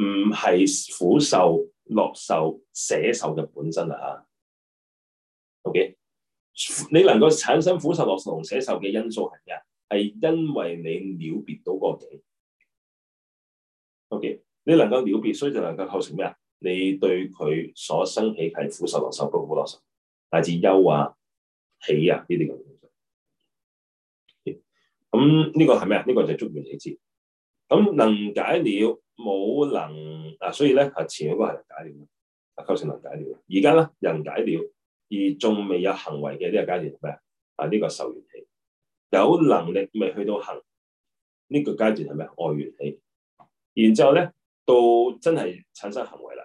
唔係苦受、樂受、捨受嘅本身啦啊！O.K. 你能夠產生苦受、樂受同捨受嘅因素係咩啊？係因為你了別到嗰個境。O.K. 你能夠了別，所以就能夠構成咩啊？你對佢所生起係苦受、樂受、不苦、樂受，乃至憂啊、喜啊呢啲咁咁呢個係咩啊？呢、okay. 嗯這個這個就觸緣起。咁、嗯、能解了，冇能啊，所以咧啊前一個係能解了，啊構成能解了。而家咧人解了。而仲未有行為嘅呢個階段係咩啊？呢、這個受緣起，有能力未去到行呢、這個階段係咩？愛緣起。然之後咧，到真係產生行為啦。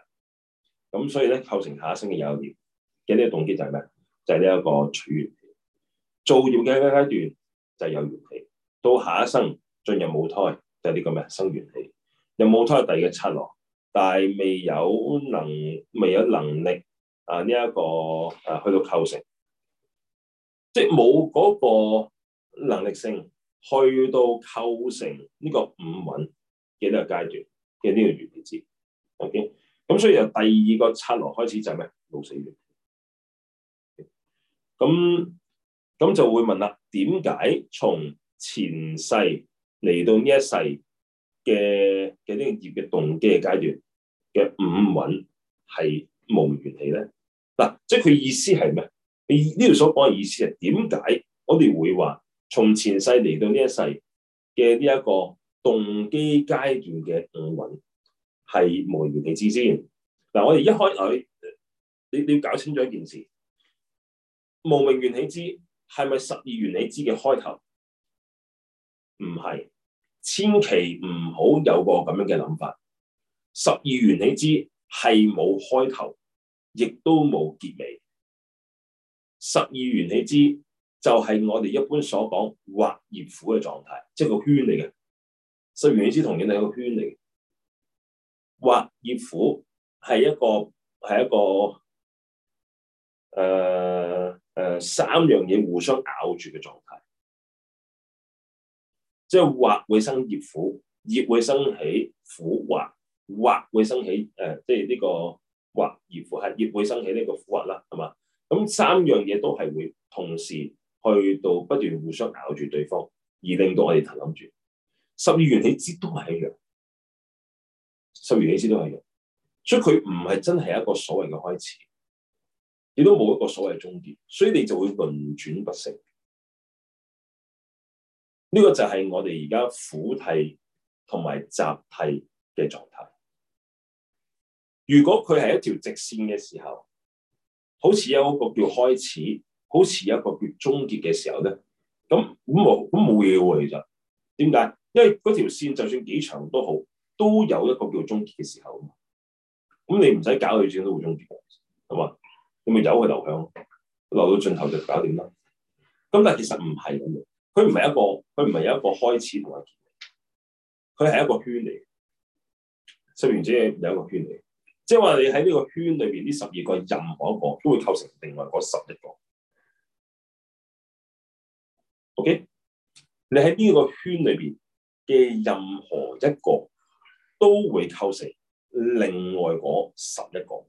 咁所以咧，構成下一生嘅有業嘅呢個動機就係咩？就係呢一個取緣起。造業嘅一階段就係有緣起，到下一生進入母胎就係、是、呢個咩生緣起。入母胎係第二剎那，但係未有能未有能力。啊！呢一個啊，去到構成，即係冇嗰個能力性去到構成呢個五蘊嘅呢個階段嘅呢個緣起支。OK，咁、嗯、所以由第二個剎那開始就係咩老死緣起咁咁、okay? 嗯、就會問啦：點解從前世嚟到呢一世嘅嘅呢個業嘅動機嘅階段嘅五蘊係無明緣起咧？嗱，即係佢意思係咩？你呢條所講嘅意思係點解我哋會話從前世嚟到呢一世嘅呢一個動機階段嘅五蘊係無明緣起支先？嗱，我哋一開頭你你要搞清楚一件事：無明緣起支係咪十二緣起支嘅開頭？唔係，千祈唔好有個咁樣嘅諗法。十二緣起支係冇開頭。亦都冇結尾，十二緣起支就係、是、我哋一般所講惑業苦嘅狀態，即係個圈嚟嘅。十二緣起支同樣係個圈嚟嘅，惑業苦係一個係一個誒誒、呃呃、三樣嘢互相咬住嘅狀態，即係惑會生業苦，業會生起苦惑，惑會生起誒，即係呢個。惑而苦果業會生起呢個苦果啦，係嘛？咁三樣嘢都係會同時去到不斷互相咬住對方，而令到我哋頭諗住，十二緣起支都係一樣，十二緣起支都係一樣，所以佢唔係真係一個所謂嘅開始，亦都冇一個所謂嘅終結，所以你就會輪轉不息。呢、這個就係我哋而家苦諦同埋集諦嘅狀態。如果佢係一條直線嘅時候，好似有一個叫開始，好似有一個叫終結嘅時候咧，咁咁冇咁冇嘢喎。其實點解？因為嗰條線就算幾長都好，都有一個叫終結嘅時候啊嘛。咁你唔使搞佢，始終都會終結，係嘛？你咪由佢流向，流到盡頭就搞掂啦。咁但係其實唔係咁嘅，佢唔係一個，佢唔係有一個開始同埋結尾，佢係一個圈嚟，十元紙有一個圈嚟。即係話，你喺呢個圈裏邊呢，十二個任何一個都會構成另外嗰十一個，OK？你喺呢個圈裏邊嘅任何一個都會構成另外嗰十一個，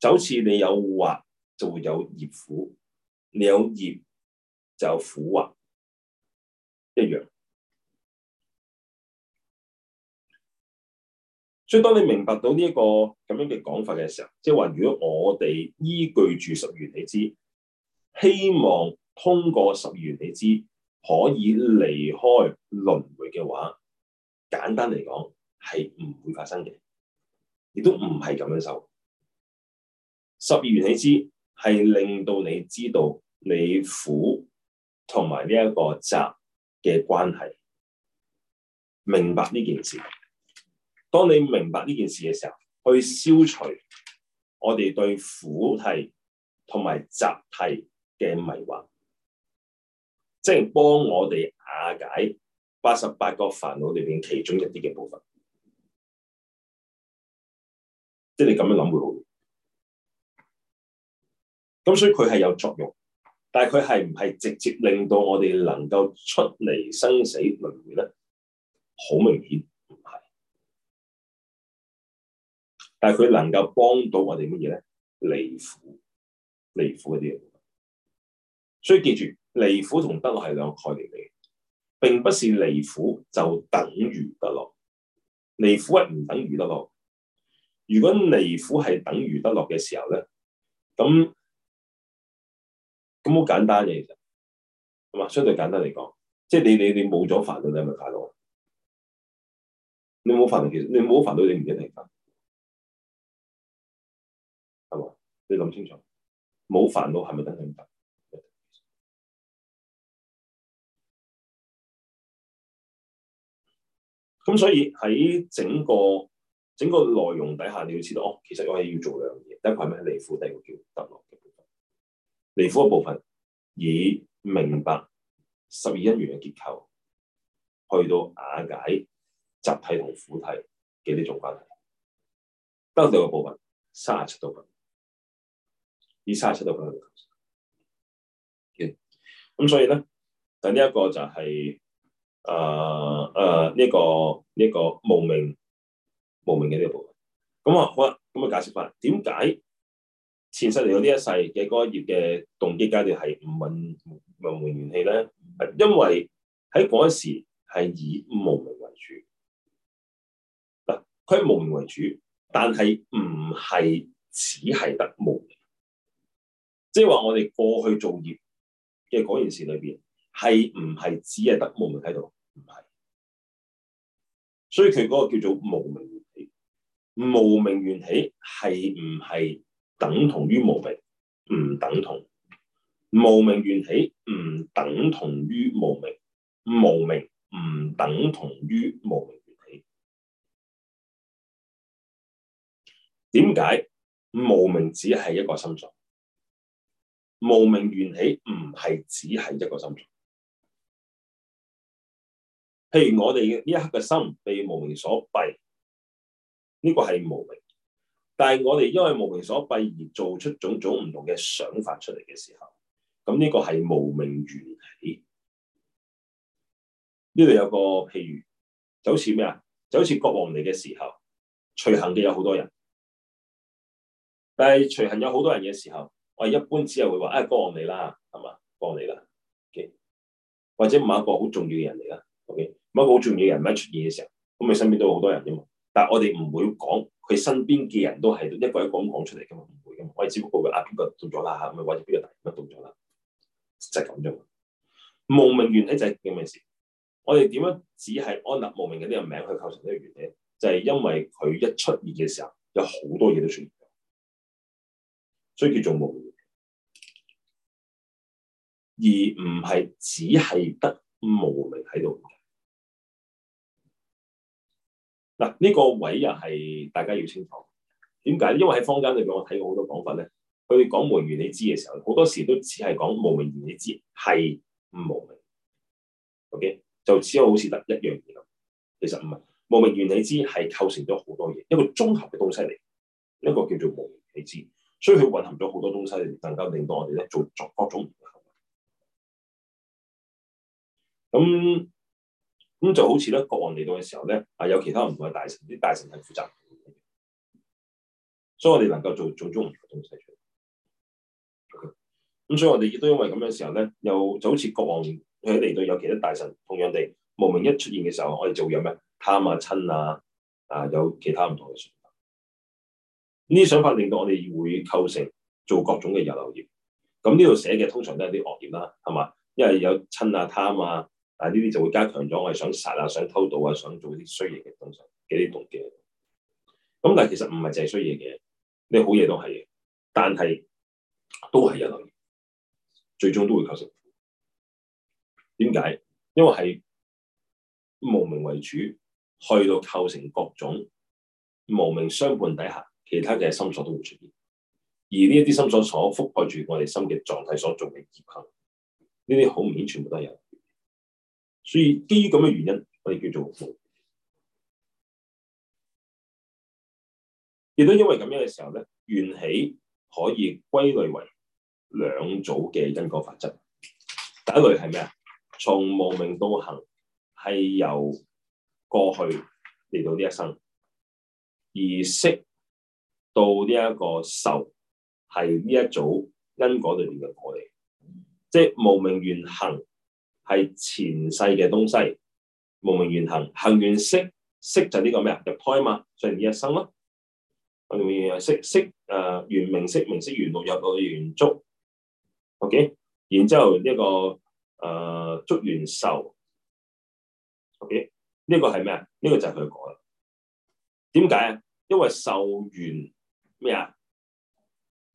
就好似你有惑就會有業苦，你有業就有苦惑。所以當你明白到呢、這、一個咁樣嘅講法嘅時候，即係話如果我哋依據住十二緣起支，希望通過十二緣起支可以離開輪迴嘅話，簡單嚟講係唔會發生嘅，亦都唔係咁樣受。十二緣起支係令到你知道你苦同埋呢一個集嘅關係，明白呢件事。當你明白呢件事嘅時候，去消除我哋對苦諦同埋集諦嘅迷惑，即係幫我哋瓦解八十八個煩惱裏邊其中一啲嘅部分。即係你咁樣諗會好啲。咁所以佢係有作用，但係佢係唔係直接令到我哋能夠出離生死輪迴咧？好明顯唔係。但係佢能夠幫到我哋乜嘢咧？離苦、離苦嗰啲嘢，所以記住，離苦同得樂係兩個概念嚟，並不是離苦就等於得樂，離苦係唔等於得樂。如果離苦係等於得樂嘅時候咧，咁咁好簡單嘅，其實，係嘛？相對簡單嚟講，即係你你你冇咗煩惱，你係咪快樂？你冇煩惱，其實你冇煩惱，你唔一定你諗清楚，冇煩惱係咪等佢明白？咁所以喺整個整個內容底下，你要知道哦，其實我係要做兩嘢，第一個係咩？離苦，第二個叫得樂。離苦嘅部分，以明白十二因緣嘅結構，去到瓦解集體同苦體嘅呢種關係。得樂嘅部分，三十七道品。二三十七度半，咁、嗯、所以咧，就呢一個就係誒誒呢個呢、這個無明無明嘅呢個部分。咁、嗯、啊好啦，咁、嗯、啊解釋翻點解前世嚟到呢一世嘅嗰一業嘅動機階段係唔問無明緣起咧？因為喺嗰一時係以無明為主，嗱，佢無明為主，但係唔係只係得無明。即係話我哋過去造業嘅嗰件事裏邊，係唔係只係得無明喺度？唔係，所以佢嗰個叫做無明緣起。無明緣起，係唔係等同於無明？唔等同，無明緣起唔等同於無明，無明唔等同於無明緣起。點解無明只係一個心所？無明緣起唔係只係一個心，譬如我哋呢一刻嘅心被無明所蔽，呢、這個係無明。但係我哋因為無明所蔽而做出種種唔同嘅想法出嚟嘅時候，咁、這、呢個係無明緣起。呢度有個譬如就好似咩啊？就好似國王嚟嘅時候，隨行嘅有好多人，但係隨行有好多人嘅時候。我一般只係會話，誒、哎，幫你啦，係嘛，幫你啦，okay? 或者唔某一個好重要嘅人嚟啦，OK，某一個好重要嘅人，某一出現嘅時候，咁你身邊都好多人噶嘛，但係我哋唔會講佢身邊嘅人都係一個一個咁講出嚟噶嘛，唔會噶嘛，我哋只不過話啊，邊個到咗啦，咁咪？或者邊個大乜到咗啦，就係咁啫嘛。無明緣起就係咁嘅事，我哋點樣只係安立無明嘅呢個名去構成呢個緣起，就係、是、因為佢一出現嘅時候，有好多嘢都出現咗，所以叫做無而唔係只係得無明喺度嗱，呢個位又係大家要清楚。點解？因為喺坊間裏邊，我睇過好多講法咧。佢哋講無明緣起嘅時候，好多時都只係講無明緣起係無明。OK，就只有好似得一樣嘢啦。其實唔係，無明緣起係構成咗好多嘢，一個綜合嘅東西嚟，一個叫做無明緣起。所以佢蘊含咗好多東西，更加令到我哋咧做作各種。咁咁就好似咧，國王嚟到嘅時候咧，啊有其他唔同嘅大臣，啲大臣係負責，所以我哋能夠做做中唔同嘅東西出嚟。咁、嗯、所以我哋亦都因為咁嘅時候咧，又就好似國王佢嚟到有其他大臣，同樣地，無明一出現嘅時候，我哋做有咩貪啊瞋啊，啊有其他唔同嘅想法。呢啲想法令到我哋會構成做各種嘅有漏業。咁呢度寫嘅通常都係啲惡業啦，係嘛？因為有瞋啊、貪啊。但係呢啲就會加強咗，我係想殺啊，想偷盜啊，想做啲衰嘢嘅東西嘅啲動機。咁但係其實唔係淨係衰嘢嘅，啲好嘢都係嘅。但係都係有留意，最終都會構成。點解？因為係無明為主，去到構成各種無明相伴底下，其他嘅心所都會出現。而呢一啲心所所覆蓋住我哋心嘅狀態所做嘅結合，呢啲好明顯全部都有。所以，基於咁嘅原因，我哋叫做無明。亦都因為咁樣嘅時候咧，緣起可以歸類為兩組嘅因果法則。第一類係咩啊？從無明到行，係由過去嚟到呢一生，而識到呢一個受，係呢一組因果裏面嘅果嚟，即係無明緣行。係前世嘅東西，無明緣行，行完識識就呢個咩啊？入胎啊嘛，所以你一生咯，我哋會識識誒，緣名色名色緣有到緣觸，ok，然之後呢、這個誒觸緣受，ok，呢個係咩啊？呢、這個就係佢改，點解啊？因為受完咩啊？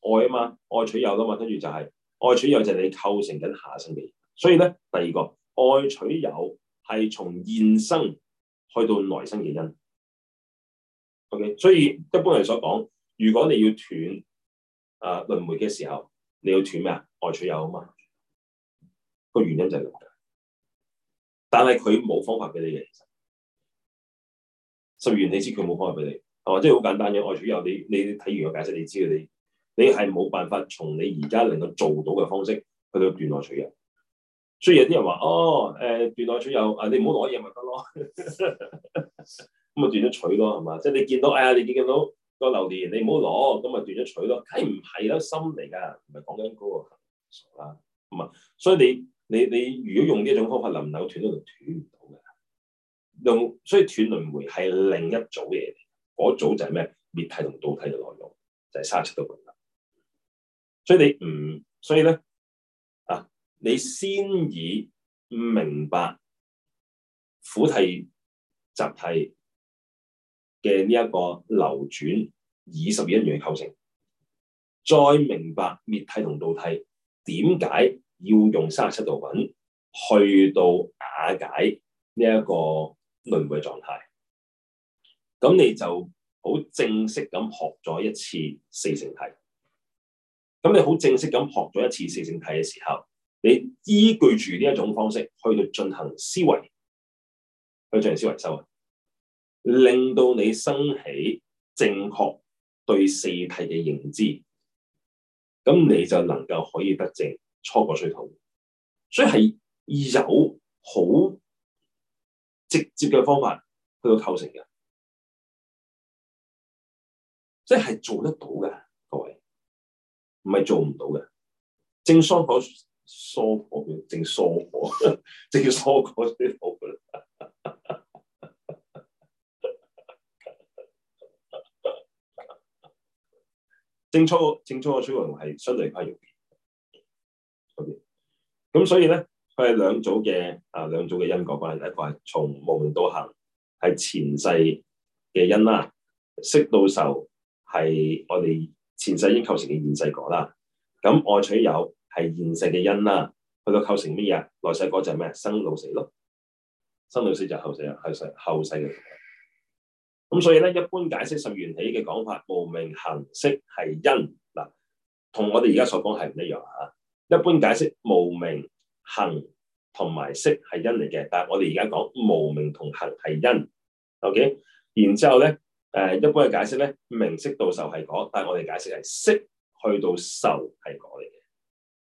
愛啊嘛，愛取有噶嘛，跟住就係、是、愛取有就係你構成緊下生嘅所以咧，第二個愛取有係從現生去到內生嘅因。O、okay? K，所以一般人所講，如果你要斷啊輪迴嘅時候，你要斷咩啊？愛取有啊嘛，個原因就係咁。但係佢冇方法俾你嘅。其實十二，你知佢冇方法俾你，係、哦、嘛？即係好簡單嘅愛取有，你你睇完我解釋，你知佢你你係冇辦法從你而家能夠做到嘅方式去到斷愛取有。所以有啲人話：哦，誒、呃、斷愛取有，啊，你唔好攞嘢咪得咯，咁啊 (laughs) 斷咗取咯，係嘛？即係你見到，哎呀，你見見到個、啊、榴槤，你唔好攞，咁啊斷咗取咯，梗係唔係啦？心嚟㗎，唔係講緊嗰個啊，啊，所以你你你如果用呢一種方法，能唔能夠斷到就斷唔到嘅。用所以斷輪迴係另一組嘢，嚟。嗰組就係咩？滅諦同道諦嘅內容就係三十七道品啦。所以你唔，所以咧。嗯你先以明白苦諦、集諦嘅呢一個流轉以十二因緣嘅構成，再明白滅諦同道諦點解要用三十七道品去到瓦解呢一個輪迴嘅狀態，咁你就好正式咁學咗一次四聖諦。咁你好正式咁學咗一次四聖諦嘅時候，你依據住呢一種方式去到進行思維，去進行思維修啊，令到你生起正確對四諦嘅認知，咁你就能夠可以得正初果、須陀洹。所以係有好直接嘅方法去到構成嘅，即係做得到嘅，各位唔係做唔到嘅正雙可。蔬果嘅正蔬果，正叫蔬果喺度正， (laughs) 正初，正初嘅出雲係相對批容。片，嗯、咁所以咧，佢係兩組嘅啊兩組嘅因果關係。第一個係從無明到行，係前世嘅因啦。識到受，係我哋前世已經構成嘅現世果啦。咁愛取有。係現世嘅因啦，佢個構成咩啊？來世嗰，就係咩？生老死咯，生老死就後世啊，後世後世嘅。咁所以咧，一般解釋十二緣起嘅講法，無明行識係因嗱，同我哋而家所講係唔一樣啊。一般解釋無明行同埋識係因嚟嘅，但係我哋而家講無明同行係因。OK，然之後咧，誒一般嘅解釋咧，名色到受係果，但係我哋解釋係識去到受係果嚟嘅。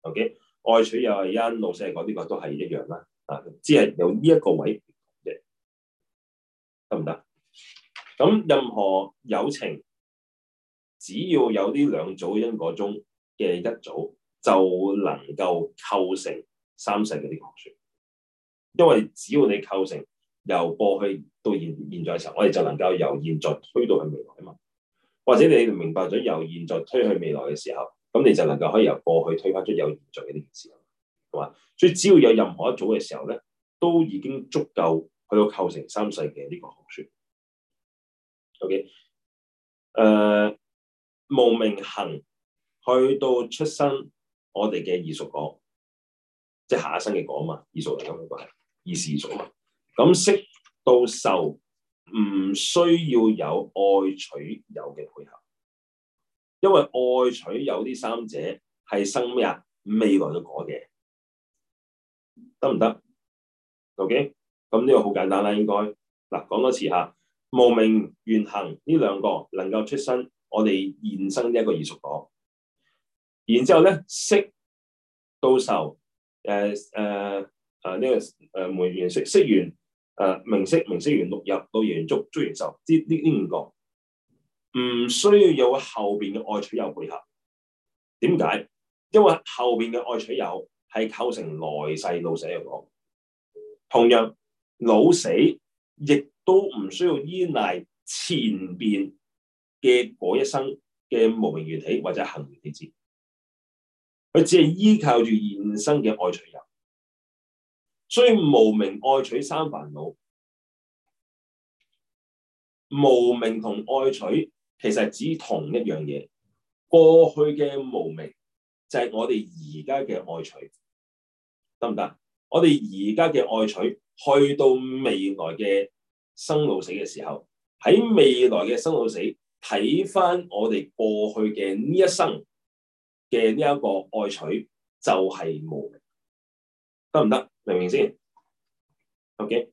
Okay. 愛取又係因，老實講，呢個，個，個，個、這個都係一樣啦。啊，只係有呢一個位得唔得？咁任何友情，只要有呢兩組因果中嘅一組，就能夠構成三世嗰啲學說。因為只要你構成由過去到現現在嘅時候，我哋就能夠由現在推到去未來啊嘛。或者你明白咗由現在推去未來嘅時候。咁你就能夠可以由過去推翻出有現在嘅呢件事，係嘛？所以只要有任何一組嘅時候咧，都已經足夠去到構成三世嘅呢個學説。OK，誒、uh,，無名無明行去到出生，我哋嘅異熟果，即係下一生嘅果啊嘛，異熟嚟嘅嗰個係異時異熟啊。咁識到受，唔需要有愛取有嘅配合。因為愛取有啲三者係生咩未來嘅果嘅，得唔得？OK 咁呢個好簡單啦，應該嗱講多次吓，無明緣行呢兩個能夠出生，我哋現生一個異熟果。然之後咧，識到受誒誒誒呢個誒緣緣識識緣誒名色名色緣六入到緣觸觸緣受，呢呢呢五個。唔需要有後邊嘅愛取有配合，點解？因為後邊嘅愛取有係構成來世老死嘅。同樣老死亦都唔需要依賴前邊嘅嗰一生嘅無明緣起或者行緣起支，佢只係依靠住現生嘅愛取有。所以無明愛取三煩惱，無明同愛取。其實指同一樣嘢，過去嘅無明，就係我哋而家嘅愛取，得唔得？我哋而家嘅愛取，去到未來嘅生老死嘅時候，喺未來嘅生老死睇翻我哋過去嘅呢一生嘅呢一個愛取，就係、是、無明。得唔得？明唔、okay. 明先？OK，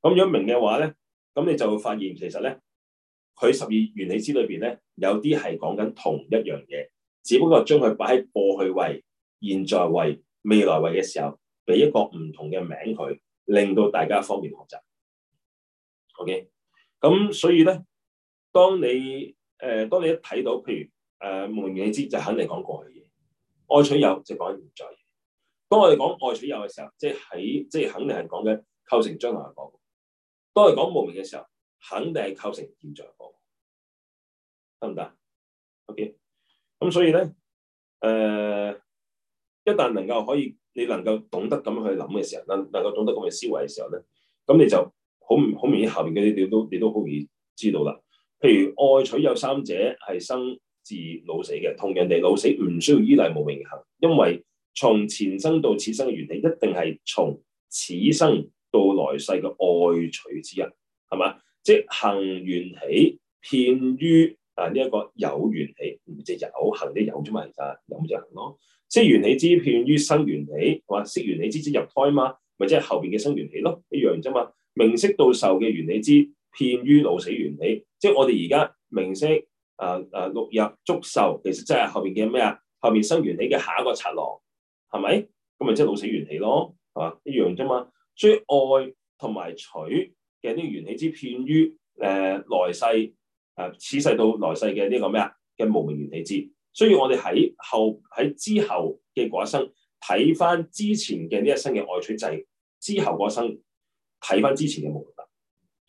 咁如果明嘅話咧，咁你就會發現其實咧。佢十二緣起支裏邊咧，有啲係講緊同一樣嘢，只不過將佢擺喺過去位、現在位、未來位嘅時候，俾一個唔同嘅名佢，令到大家方便學習。OK，咁所以咧，當你誒、呃，當你一睇到，譬如誒，無明緣起支就肯定講過去嘢，愛取有就講現在嘢。當我哋講愛取有嘅時候，即係喺即係肯定係講緊構成將來嘅講。當我哋講無明嘅時候。肯定係構成現象個，得唔得？OK，咁所以咧，誒、呃，一旦能夠可以，你能夠懂得咁去諗嘅時候，能能夠懂得咁嘅思維嘅時候咧，咁你就好好容易後邊嗰啲，你都你都好易知道啦。譬如愛取有三者，係生、自、老死嘅，同人哋老死唔需要依賴無明行，因為從前生到此生嘅原理，一定係從此生到來世嘅愛取之一，係咪？即行緣起，遍於啊呢一、這個有緣起，唔即有行即有啫嘛，其實有咪就係行咯。識緣起之遍於生緣起，係、啊、嘛？識緣起之之入胎嘛，咪即係後邊嘅生緣起咯，一樣啫嘛。名色到受嘅緣起之遍於老死緣起，即我哋而家名色啊啊六入觸受，其實即係後邊嘅咩啊？後邊生緣起嘅下一個剎那係咪？咁咪即老死緣起咯，係、啊啊、嘛？一樣啫嘛。所以愛同埋取。嘅呢個緣起支遍於誒來世誒此、呃、世到來世嘅呢個咩啊嘅無明緣起支，所以我哋喺後喺之後嘅嗰一生睇翻之前嘅呢一生嘅愛取支，之後嗰生睇翻之前嘅無明。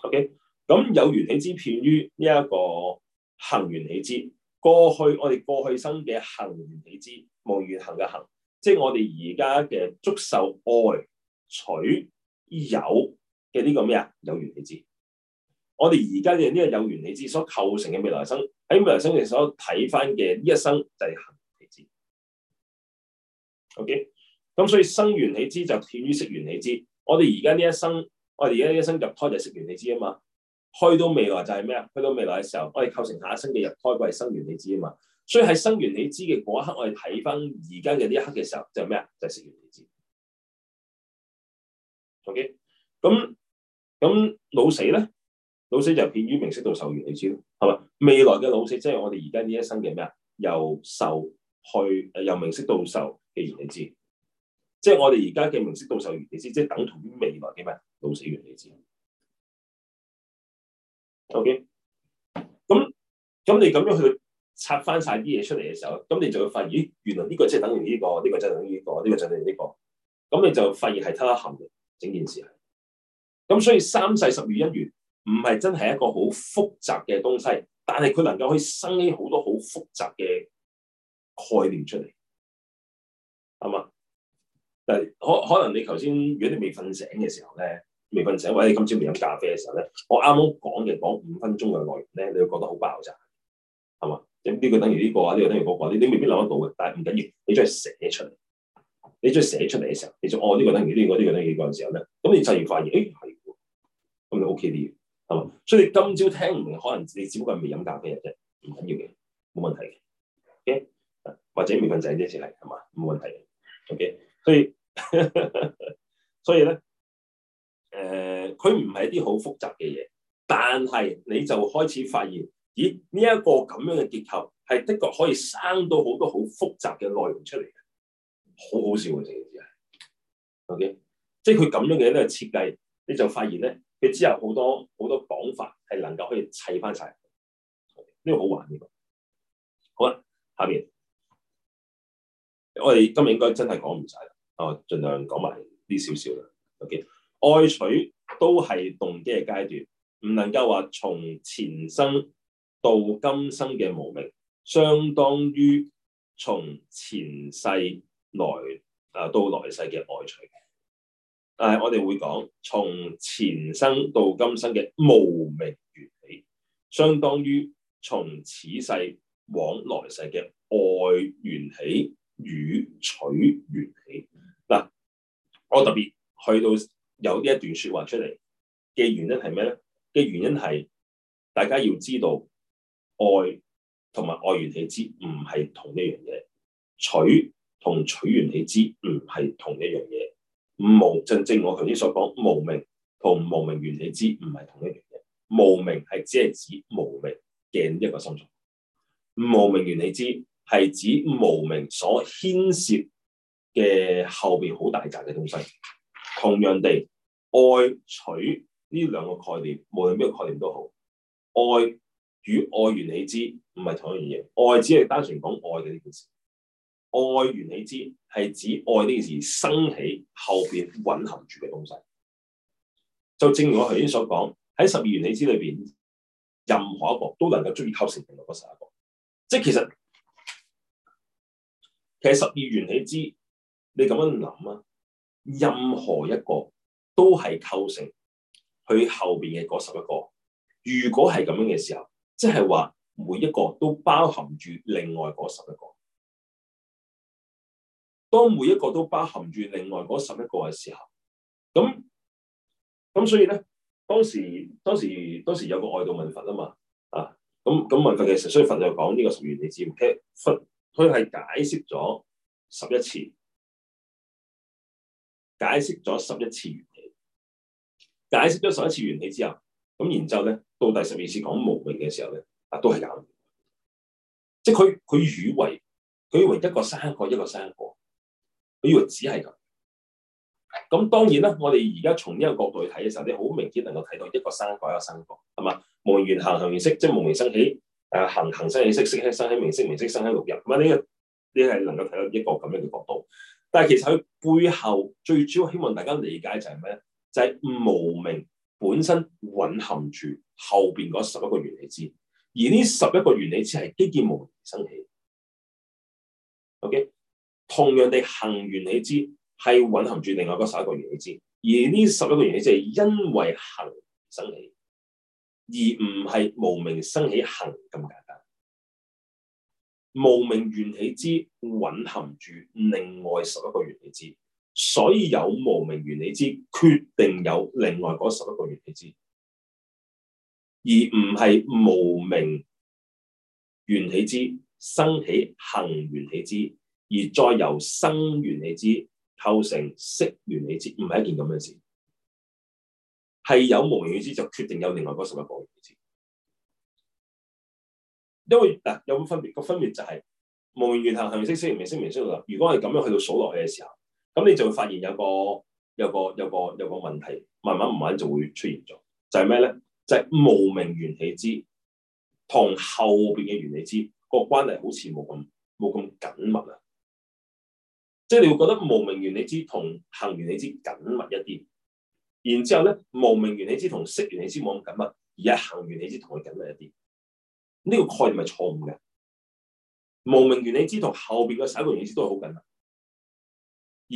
OK，咁有緣起支遍於呢一個行緣起支，過去，我哋過去生嘅行緣起支無明行嘅行，即係我哋而家嘅觸受愛取有。嘅呢個咩啊？有緣起支，我哋而家嘅呢個有緣起支所構成嘅未來生，喺未來生嘅所睇翻嘅呢一生就係行緣起支。OK，咁所以生緣起支就遍於識緣起支。我哋而家呢一生，我哋而家呢一生入胎就係識緣起支啊嘛。去到未來就係咩啊？去到未來嘅時候，我哋構成下一生嘅入胎，佢係生緣起支啊嘛。所以喺生緣起支嘅嗰一刻，我哋睇翻而家嘅呢一刻嘅時候，就係咩啊？就係識緣起支。OK，咁。咁老死咧，老死就遍於名色到受緣起，你知咯，係咪？未來嘅老死，即係我哋而家呢一生嘅咩啊？由受去誒、呃，由名色到受，嘅緣起，即係我哋而家嘅名色到受，你知，即係等同於未來嘅咩老死緣起，okay? 你知。O K，咁咁你咁樣去拆翻晒啲嘢出嚟嘅時候，咁你就會發現，咦，原來呢個即係等於呢、這個，呢、這個就等於呢、這個，呢、這個就等於呢、這個，咁你就會發現係偷得閒嘅整件事係。咁所以三世十二因緣唔係真係一個好複雜嘅東西，但係佢能夠可以生起好多好複雜嘅概念出嚟，係嘛？但係可可能你頭先，如果你未瞓醒嘅時候咧，未瞓醒或者你今朝未飲咖啡嘅時候咧，我啱啱講嘅講五分鐘嘅內容咧，你會覺得好爆炸，係嘛？咁呢個等於呢個啊，呢個等於嗰個，你你未必諗得到嘅，但係唔緊要，你將寫出嚟，你將寫出嚟嘅時候，你就哦呢個等於呢個，呢個等於嗰個嘅時候咧，咁你繼然發現，誒咁咪 OK 啲，so, you know, okay? okay? so, (laughs) so, uh,，係嘛？所以你今朝聽唔明，可能你只不過係未飲咖啡嘅啫，唔緊要嘅，冇問題嘅。或者未瞓醒啫呢次嚟，係嘛？冇問題嘅。O K，所以所以咧，誒，佢唔係一啲好複雜嘅嘢，但係你就開始發現，咦？呢一個咁樣嘅結構係的確可以生到好多好複雜嘅內容出嚟嘅，好好笑嘅，真係。O K，即係佢咁樣嘅咧設計，你就發現咧。你之後好多好多講法係能夠可以砌翻晒，呢個好玩呢個。好啦，下邊我哋今日應該真係講唔晒啦。啊，盡量講埋呢少少啦。OK，愛取都係動機嘅階段，唔能夠話從前生到今生嘅無明，相當於從前世來啊到來世嘅愛取。但係，我哋會講從前生到今生嘅無明緣起，相當於從此世往來世嘅愛緣起與取緣起。嗱，我特別去到有呢一段說話出嚟嘅原因係咩咧？嘅原因係大家要知道，愛同埋愛緣起之唔係同一樣嘢，取同取緣起之唔係同一樣嘢。無正正我頭先所講，無明同無明緣起唔係同一樣嘢。無明係只係指無明嘅一個心所，無明緣起係指無明所牽涉嘅後邊好大拃嘅東西。同樣地，愛取呢兩個概念，無論咩概念都好，愛與愛緣起唔係同一樣嘢。愛只係單純講愛嘅呢件事。愛緣起之係指愛呢件事生起後邊蘊含住嘅東西，就正如我頭先所講，喺十二緣起之裏邊，任何一個都能夠足以構成另外嗰十一個，即係其實其實十二緣起之，你咁樣諗啊，任何一個都係構成佢後邊嘅嗰十一個。如果係咁樣嘅時候，即係話每一個都包含住另外嗰十一個。當每一個都包含住另外嗰十一個嘅時候，咁咁所以咧，當時當時當時有個外道問佛啊嘛，啊咁咁問佛嘅時候，所以佛就講呢個十二緣起支，佢佛佢係解釋咗十一次，解釋咗十一次緣起，解釋咗十一次緣起之後，咁然之後咧到第十二次講無明嘅時候咧，啊都係咁，即係佢佢以為佢以為一個生一個，一個生一個。呢個只係咁，咁當然啦，我哋而家從呢個角度去睇嘅時候，你好明顯能夠睇到一個生角、一個生角，係嘛？無明緣行，行緣識，即係無明生起；誒行行生起，生起，生起識，識生起名色，名色生起六入。咁啊，你係你係能夠睇到一個咁樣嘅角度。但係其實佢背後最主要希望大家理解就係咩咧？就係、是、無明本身隱含住後邊嗰十一個原理支，而呢十一個原理支係基於無明生起。OK。同樣地，行緣起支係蘊含住另外十一個緣起支，而呢十一個緣起支係因為行生起，而唔係無明生起行咁簡單。無明緣起支蘊含住另外十一個緣起支，所以有無明緣起支決定有另外十一個緣起支，而唔係無明緣起支生起行緣起支。而再由生緣起支構成識緣起支，唔係一件咁嘅事，係有無明緣起支就決定有另外嗰十一個緣起支，因為嗱有咁分別，個分別就係、是、無明、行係咪識緣？識緣？識緣？識啦！如果係咁樣去到數落去嘅時候，咁你就會發現有個有個有個有個，有個問題，慢慢唔慢，慢就會出現咗，就係咩咧？就係、是、無明緣起支同後邊嘅緣起支個關係好似冇咁冇咁緊密啊！即係你會覺得無明緣起支同行緣起支緊密一啲，然之後咧無明緣起支同識緣起支冇咁緊密，而行緣起支同佢緊密一啲。呢個概念係錯誤嘅。無明緣起支同後邊嘅第一個緣起支都係好緊密，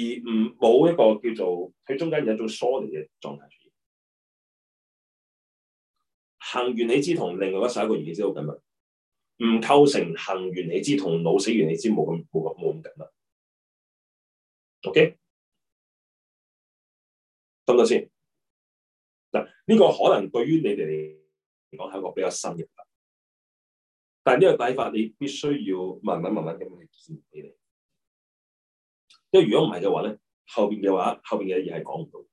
而唔冇一個叫做喺中間有一種疏離嘅狀態。行緣起支同另外嗰第一個緣起支好緊密，唔構成行緣起支同老死緣起支冇咁冇咁冇咁緊密。OK，得唔得先。嗱，呢個可能對於你哋嚟講係一個比較新嘅，但係呢個帶法，你必須要慢慢慢慢咁去建俾你。因為如果唔係嘅話咧，後邊嘅話後邊嘅嘢係講唔到。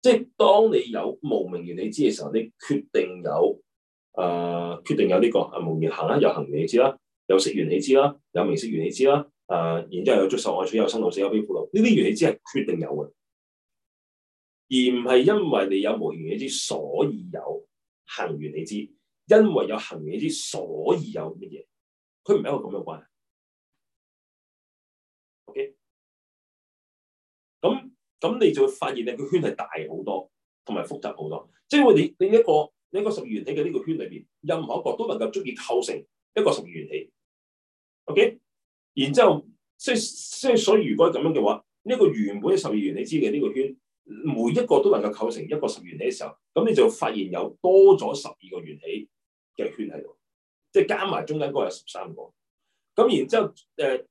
即係當你有無明緣起支嘅時候，你決定有啊、呃，決定有呢、這個啊無明行啦，有行緣起支啦，有識緣起支啦，有名色緣起支啦。誒、啊，然之後有觸受愛取，有生老死，有悲苦惱，呢啲緣起支係決定有嘅，而唔係因為你有無明緣起支所以有行緣起支，因為有行緣起支所以有乜嘢，佢唔係一個咁嘅關係。O K，咁咁你就會發現你個圈係大好多，同埋複雜好多。即係我哋你一個你一個十二緣起嘅呢個圈裏邊，任何一個都能夠足以構成一個十二緣起。O K。然之後，即係即係，所以如果咁樣嘅話，呢、這個原本十二緣起支嘅呢個圈，每一個都能夠構成一個十緣起嘅時候，咁你就發現有多咗十二個緣起嘅圈喺度，即係加埋中間嗰個有十三個。咁然之後，誒、呃、第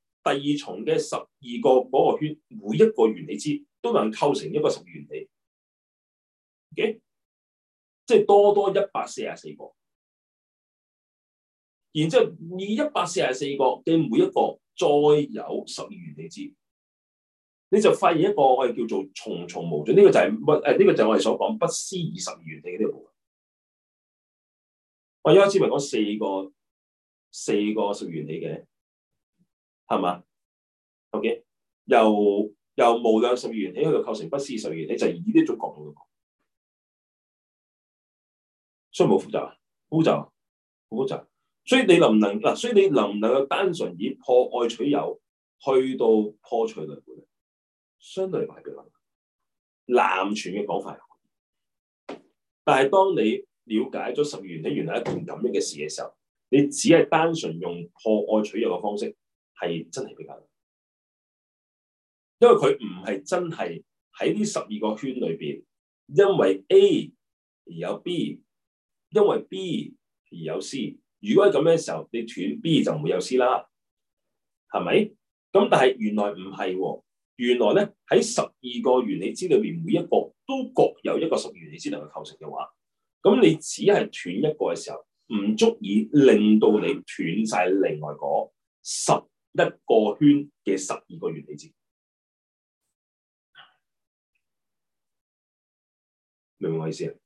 二重嘅十二個嗰個圈，每一個緣起支都能構成一個十二緣起嘅，okay? 即係多多一百四廿四個。然之後，以一百四廿四個嘅每一個。再有十二緣起知，你就發現一個我哋叫做重重無盡，呢、這個就係誒呢個就係我哋所講不思議十二緣起嘅呢個部分。我一開始咪講四個四個十二緣起嘅，係嘛？OK，由由無量十二緣起去到構成不思議十二緣起，就係、是、以呢種角度去講，所以冇複雜，複雜，好複雜。所以你能唔能嗱？所以你能唔能夠單純以破愛取有，去到破取輪迴咧？相對嚟講係比較難。南傳嘅講法係可以，但係當你了解咗十二緣起原來一件咁樣嘅事嘅時候，你只係單純用破愛取有嘅方式，係真係比較難，因為佢唔係真係喺呢十二個圈裏邊，因為 A 而有 B，因為 B 而有 C。如果係咁樣嘅時候，你斷 B 就唔會有 C 啦，係咪？咁但係原來唔係、哦，原來咧喺十二個緣起支裏邊每一個都各有一個十二緣起支嚟去構成嘅話，咁你只係斷一個嘅時候，唔足以令到你斷晒另外嗰十一個圈嘅十二個緣起支，明唔明我意思？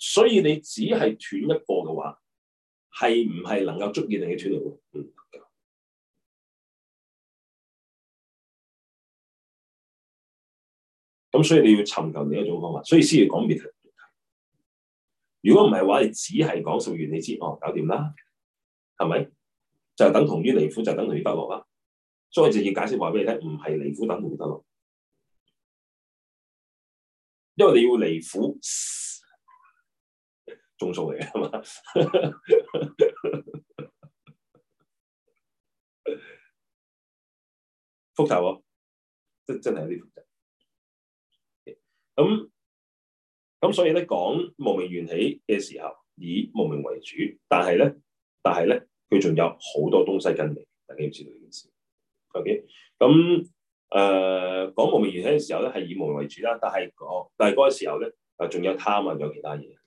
所以你只係斷一個嘅話，係唔係能夠足以令你斷到？唔、嗯、夠。咁所以你要尋求另一種方法。所以先要講滅。如果唔係話，你只係講十元，你知哦，搞掂啦，係咪？就等同於離苦就等同於得樂啦。所以就要解釋話俾你聽，唔係離苦等同於得樂，因為你要離苦。中數嚟嘅係嘛？ (laughs) (laughs) 複雜喎、哦，即真係有啲複雜。咁、okay, 咁、嗯嗯、所以咧，講無明緣起嘅時候，以無明為主，但係咧，但係咧，佢仲有好多東西跟你。大家要知道呢件事。O K，咁誒，講、呃、無明緣起嘅時候咧，係以無明為主啦，但係嗰、那個、但係個時候咧，啊，仲有貪啊，有其他嘢。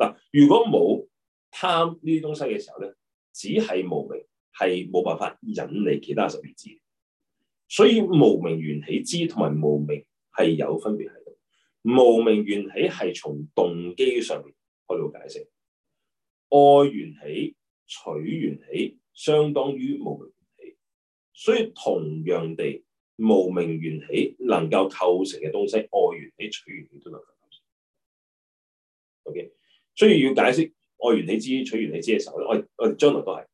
嗱，如果冇貪呢啲東西嘅時候咧，只係無明，係冇辦法引嚟其他十二支。所以無明緣起之同埋無明係有分別喺度。無明緣起係從動機上面去到解釋，愛緣起、取緣起，相當於無明緣起。所以同樣地，無明緣起能夠構成嘅東西，愛緣起、取緣起都能夠構成。OK。所以要解釋愛緣起、取緣起嘅時候咧，我我哋將來都係，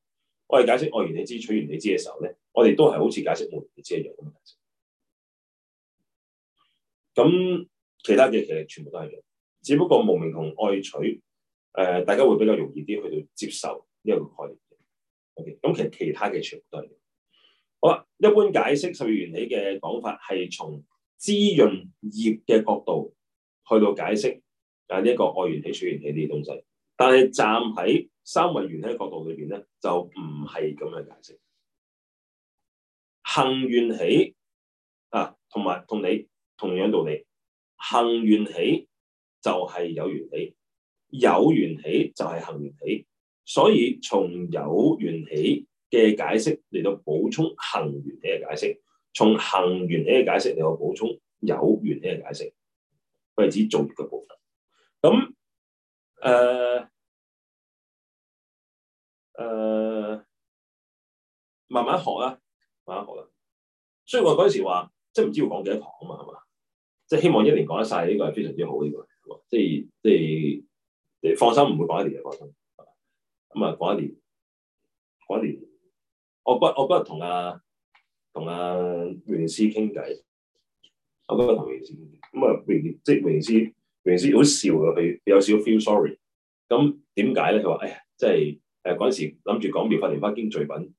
我哋解釋愛緣起、取緣起嘅時候咧，我哋都係好似解釋無明緣起一樣噉解釋。咁其他嘢其實全部都係嘅，只不過無明同愛取，誒、呃、大家會比較容易啲去到接受呢一個概念。O K，咁其實其他嘅全部都係嘅。好啦，一般解釋十二緣起嘅講法係從滋潤業嘅角度去到解釋。啊！呢一、這個愛緣起、取緣起呢啲東西，但係站喺三位緣起角度裏邊咧，就唔係咁樣解釋。行緣起啊，同埋同你同樣道理，行緣起就係有緣起，有緣起就係行緣起。所以從有緣起嘅解釋嚟到補充行緣起嘅解釋，從行緣起嘅解釋嚟到補充有緣起嘅解釋，係指造業嘅部分。咁誒誒，慢慢學啦，慢慢學啦。所以我嗰陣時話，即係唔知要講幾多堂啊嘛，係嘛？即係希望一年講得晒，呢個係非常之好呢個。即係即係你放心，唔會講一年嘅，放心。咁啊，講一年，講一年。我不我不同阿同阿榮師傾偈，我不同榮師。咁啊榮即榮師。平時好笑噶，佢有少少 feel sorry。咁點解咧？佢話，哎呀，即係誒嗰陣時諗住講《妙法蓮華經》序品，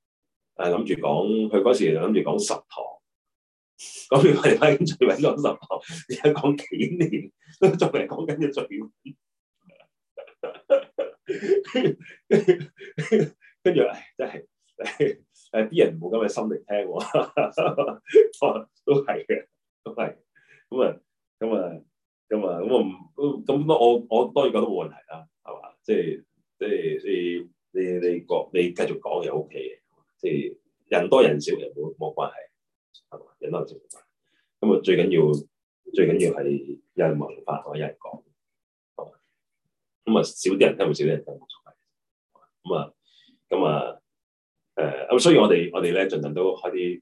誒諗住講，佢嗰陣時諗住講十堂，講《妙法蓮華經》序品講十堂，而家講幾年都仲係講緊嘅序品。 (laughs) 跟住，唉、哎，真係誒，啲、哎、人冇咁嘅心嚟聽 (laughs) 都，都係嘅，都係。咁啊，咁啊。咁啊，咁我唔，咁我我當然覺得冇問題啦，係嘛？即係即係你你你講，你繼續講又 O K 嘅，即係人多人少又冇冇關係，係嘛？人多人少冇關。咁啊，最緊要最緊要係有人文化同有人講，咁啊，少啲人聽唔少啲人聽冇所謂。咁啊咁啊誒咁，所以我哋我哋咧盡量都開啲誒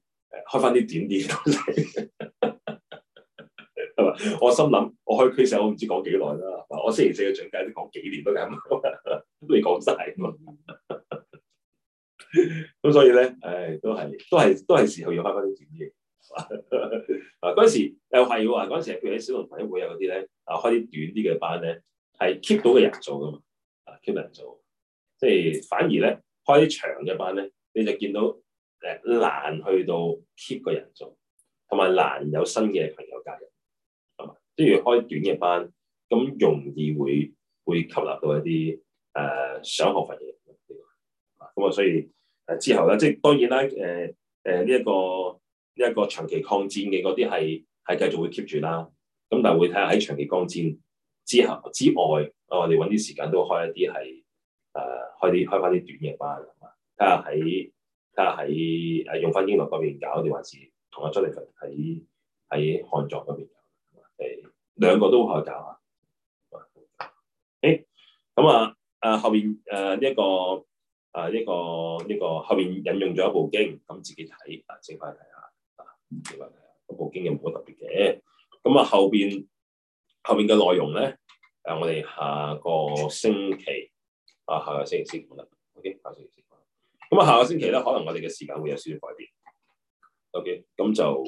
開翻啲短啲嘅。我心諗，我可以其實我唔知講幾耐啦。我星期四嘅講解都講幾年 (laughs) 都咁你未講晒咁。咁 (laughs) 所以咧，唉、哎，都係都係都係時候要開返啲短嘢。嗱， (laughs) (laughs) 嗰時又係話，嗰時係譬如喺小團體會有嗰啲咧，啊，開啲短啲嘅班咧，係 keep 到個人做噶嘛，啊，keep 人做，即係反而咧開啲長嘅班咧，你就見到誒難去到 keep 個人做，同埋難有新嘅朋友加入。即係開短嘅班，咁容易會會吸納到一啲誒、呃、想學佛嘢嘅，咁啊、嗯，所以、呃、之後咧，即係當然啦，誒誒呢一個呢一、這個長期抗戰嘅嗰啲係係繼續會 keep 住啦，咁但係會睇下喺長期抗戰之後之外，我哋揾啲時間都開一啲係誒開啲開翻啲短嘅班，睇下喺睇下喺誒用翻英文嗰邊搞，定還是同阿 Jonathan 喺喺漢作嗰邊。誒，兩個都好複雜啊！誒，咁啊，誒、這個啊這個、後邊誒呢一個誒呢個呢個後邊引用咗一部經，咁自己睇、這個這個、啊，清翻睇下啊，冇問題啊。部經又冇乜特別嘅，咁啊後邊後邊嘅內容咧，誒我哋下個星期啊，星期 OK，下，星期下個星期先講得，OK，下星期先咁啊下個星期咧，可能我哋嘅時間會有少少改變，OK，咁就。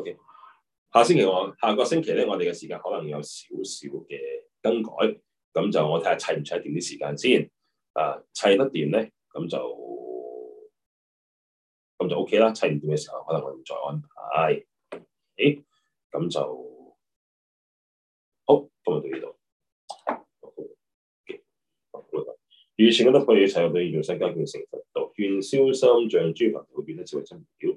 Okay. 下星期我，下個星期咧，我哋嘅時間可能有少少嘅更改，咁就我睇下砌唔砌掂啲時間先。啊，砌得掂咧，咁就咁就 O K 啦。砌唔掂嘅時候，可能我哋再安排。誒、okay？咁就好，今日到呢度。完以可以粒嘢到喺最新間嘅成分度，元銷三象珠粉乳丸得就係真料。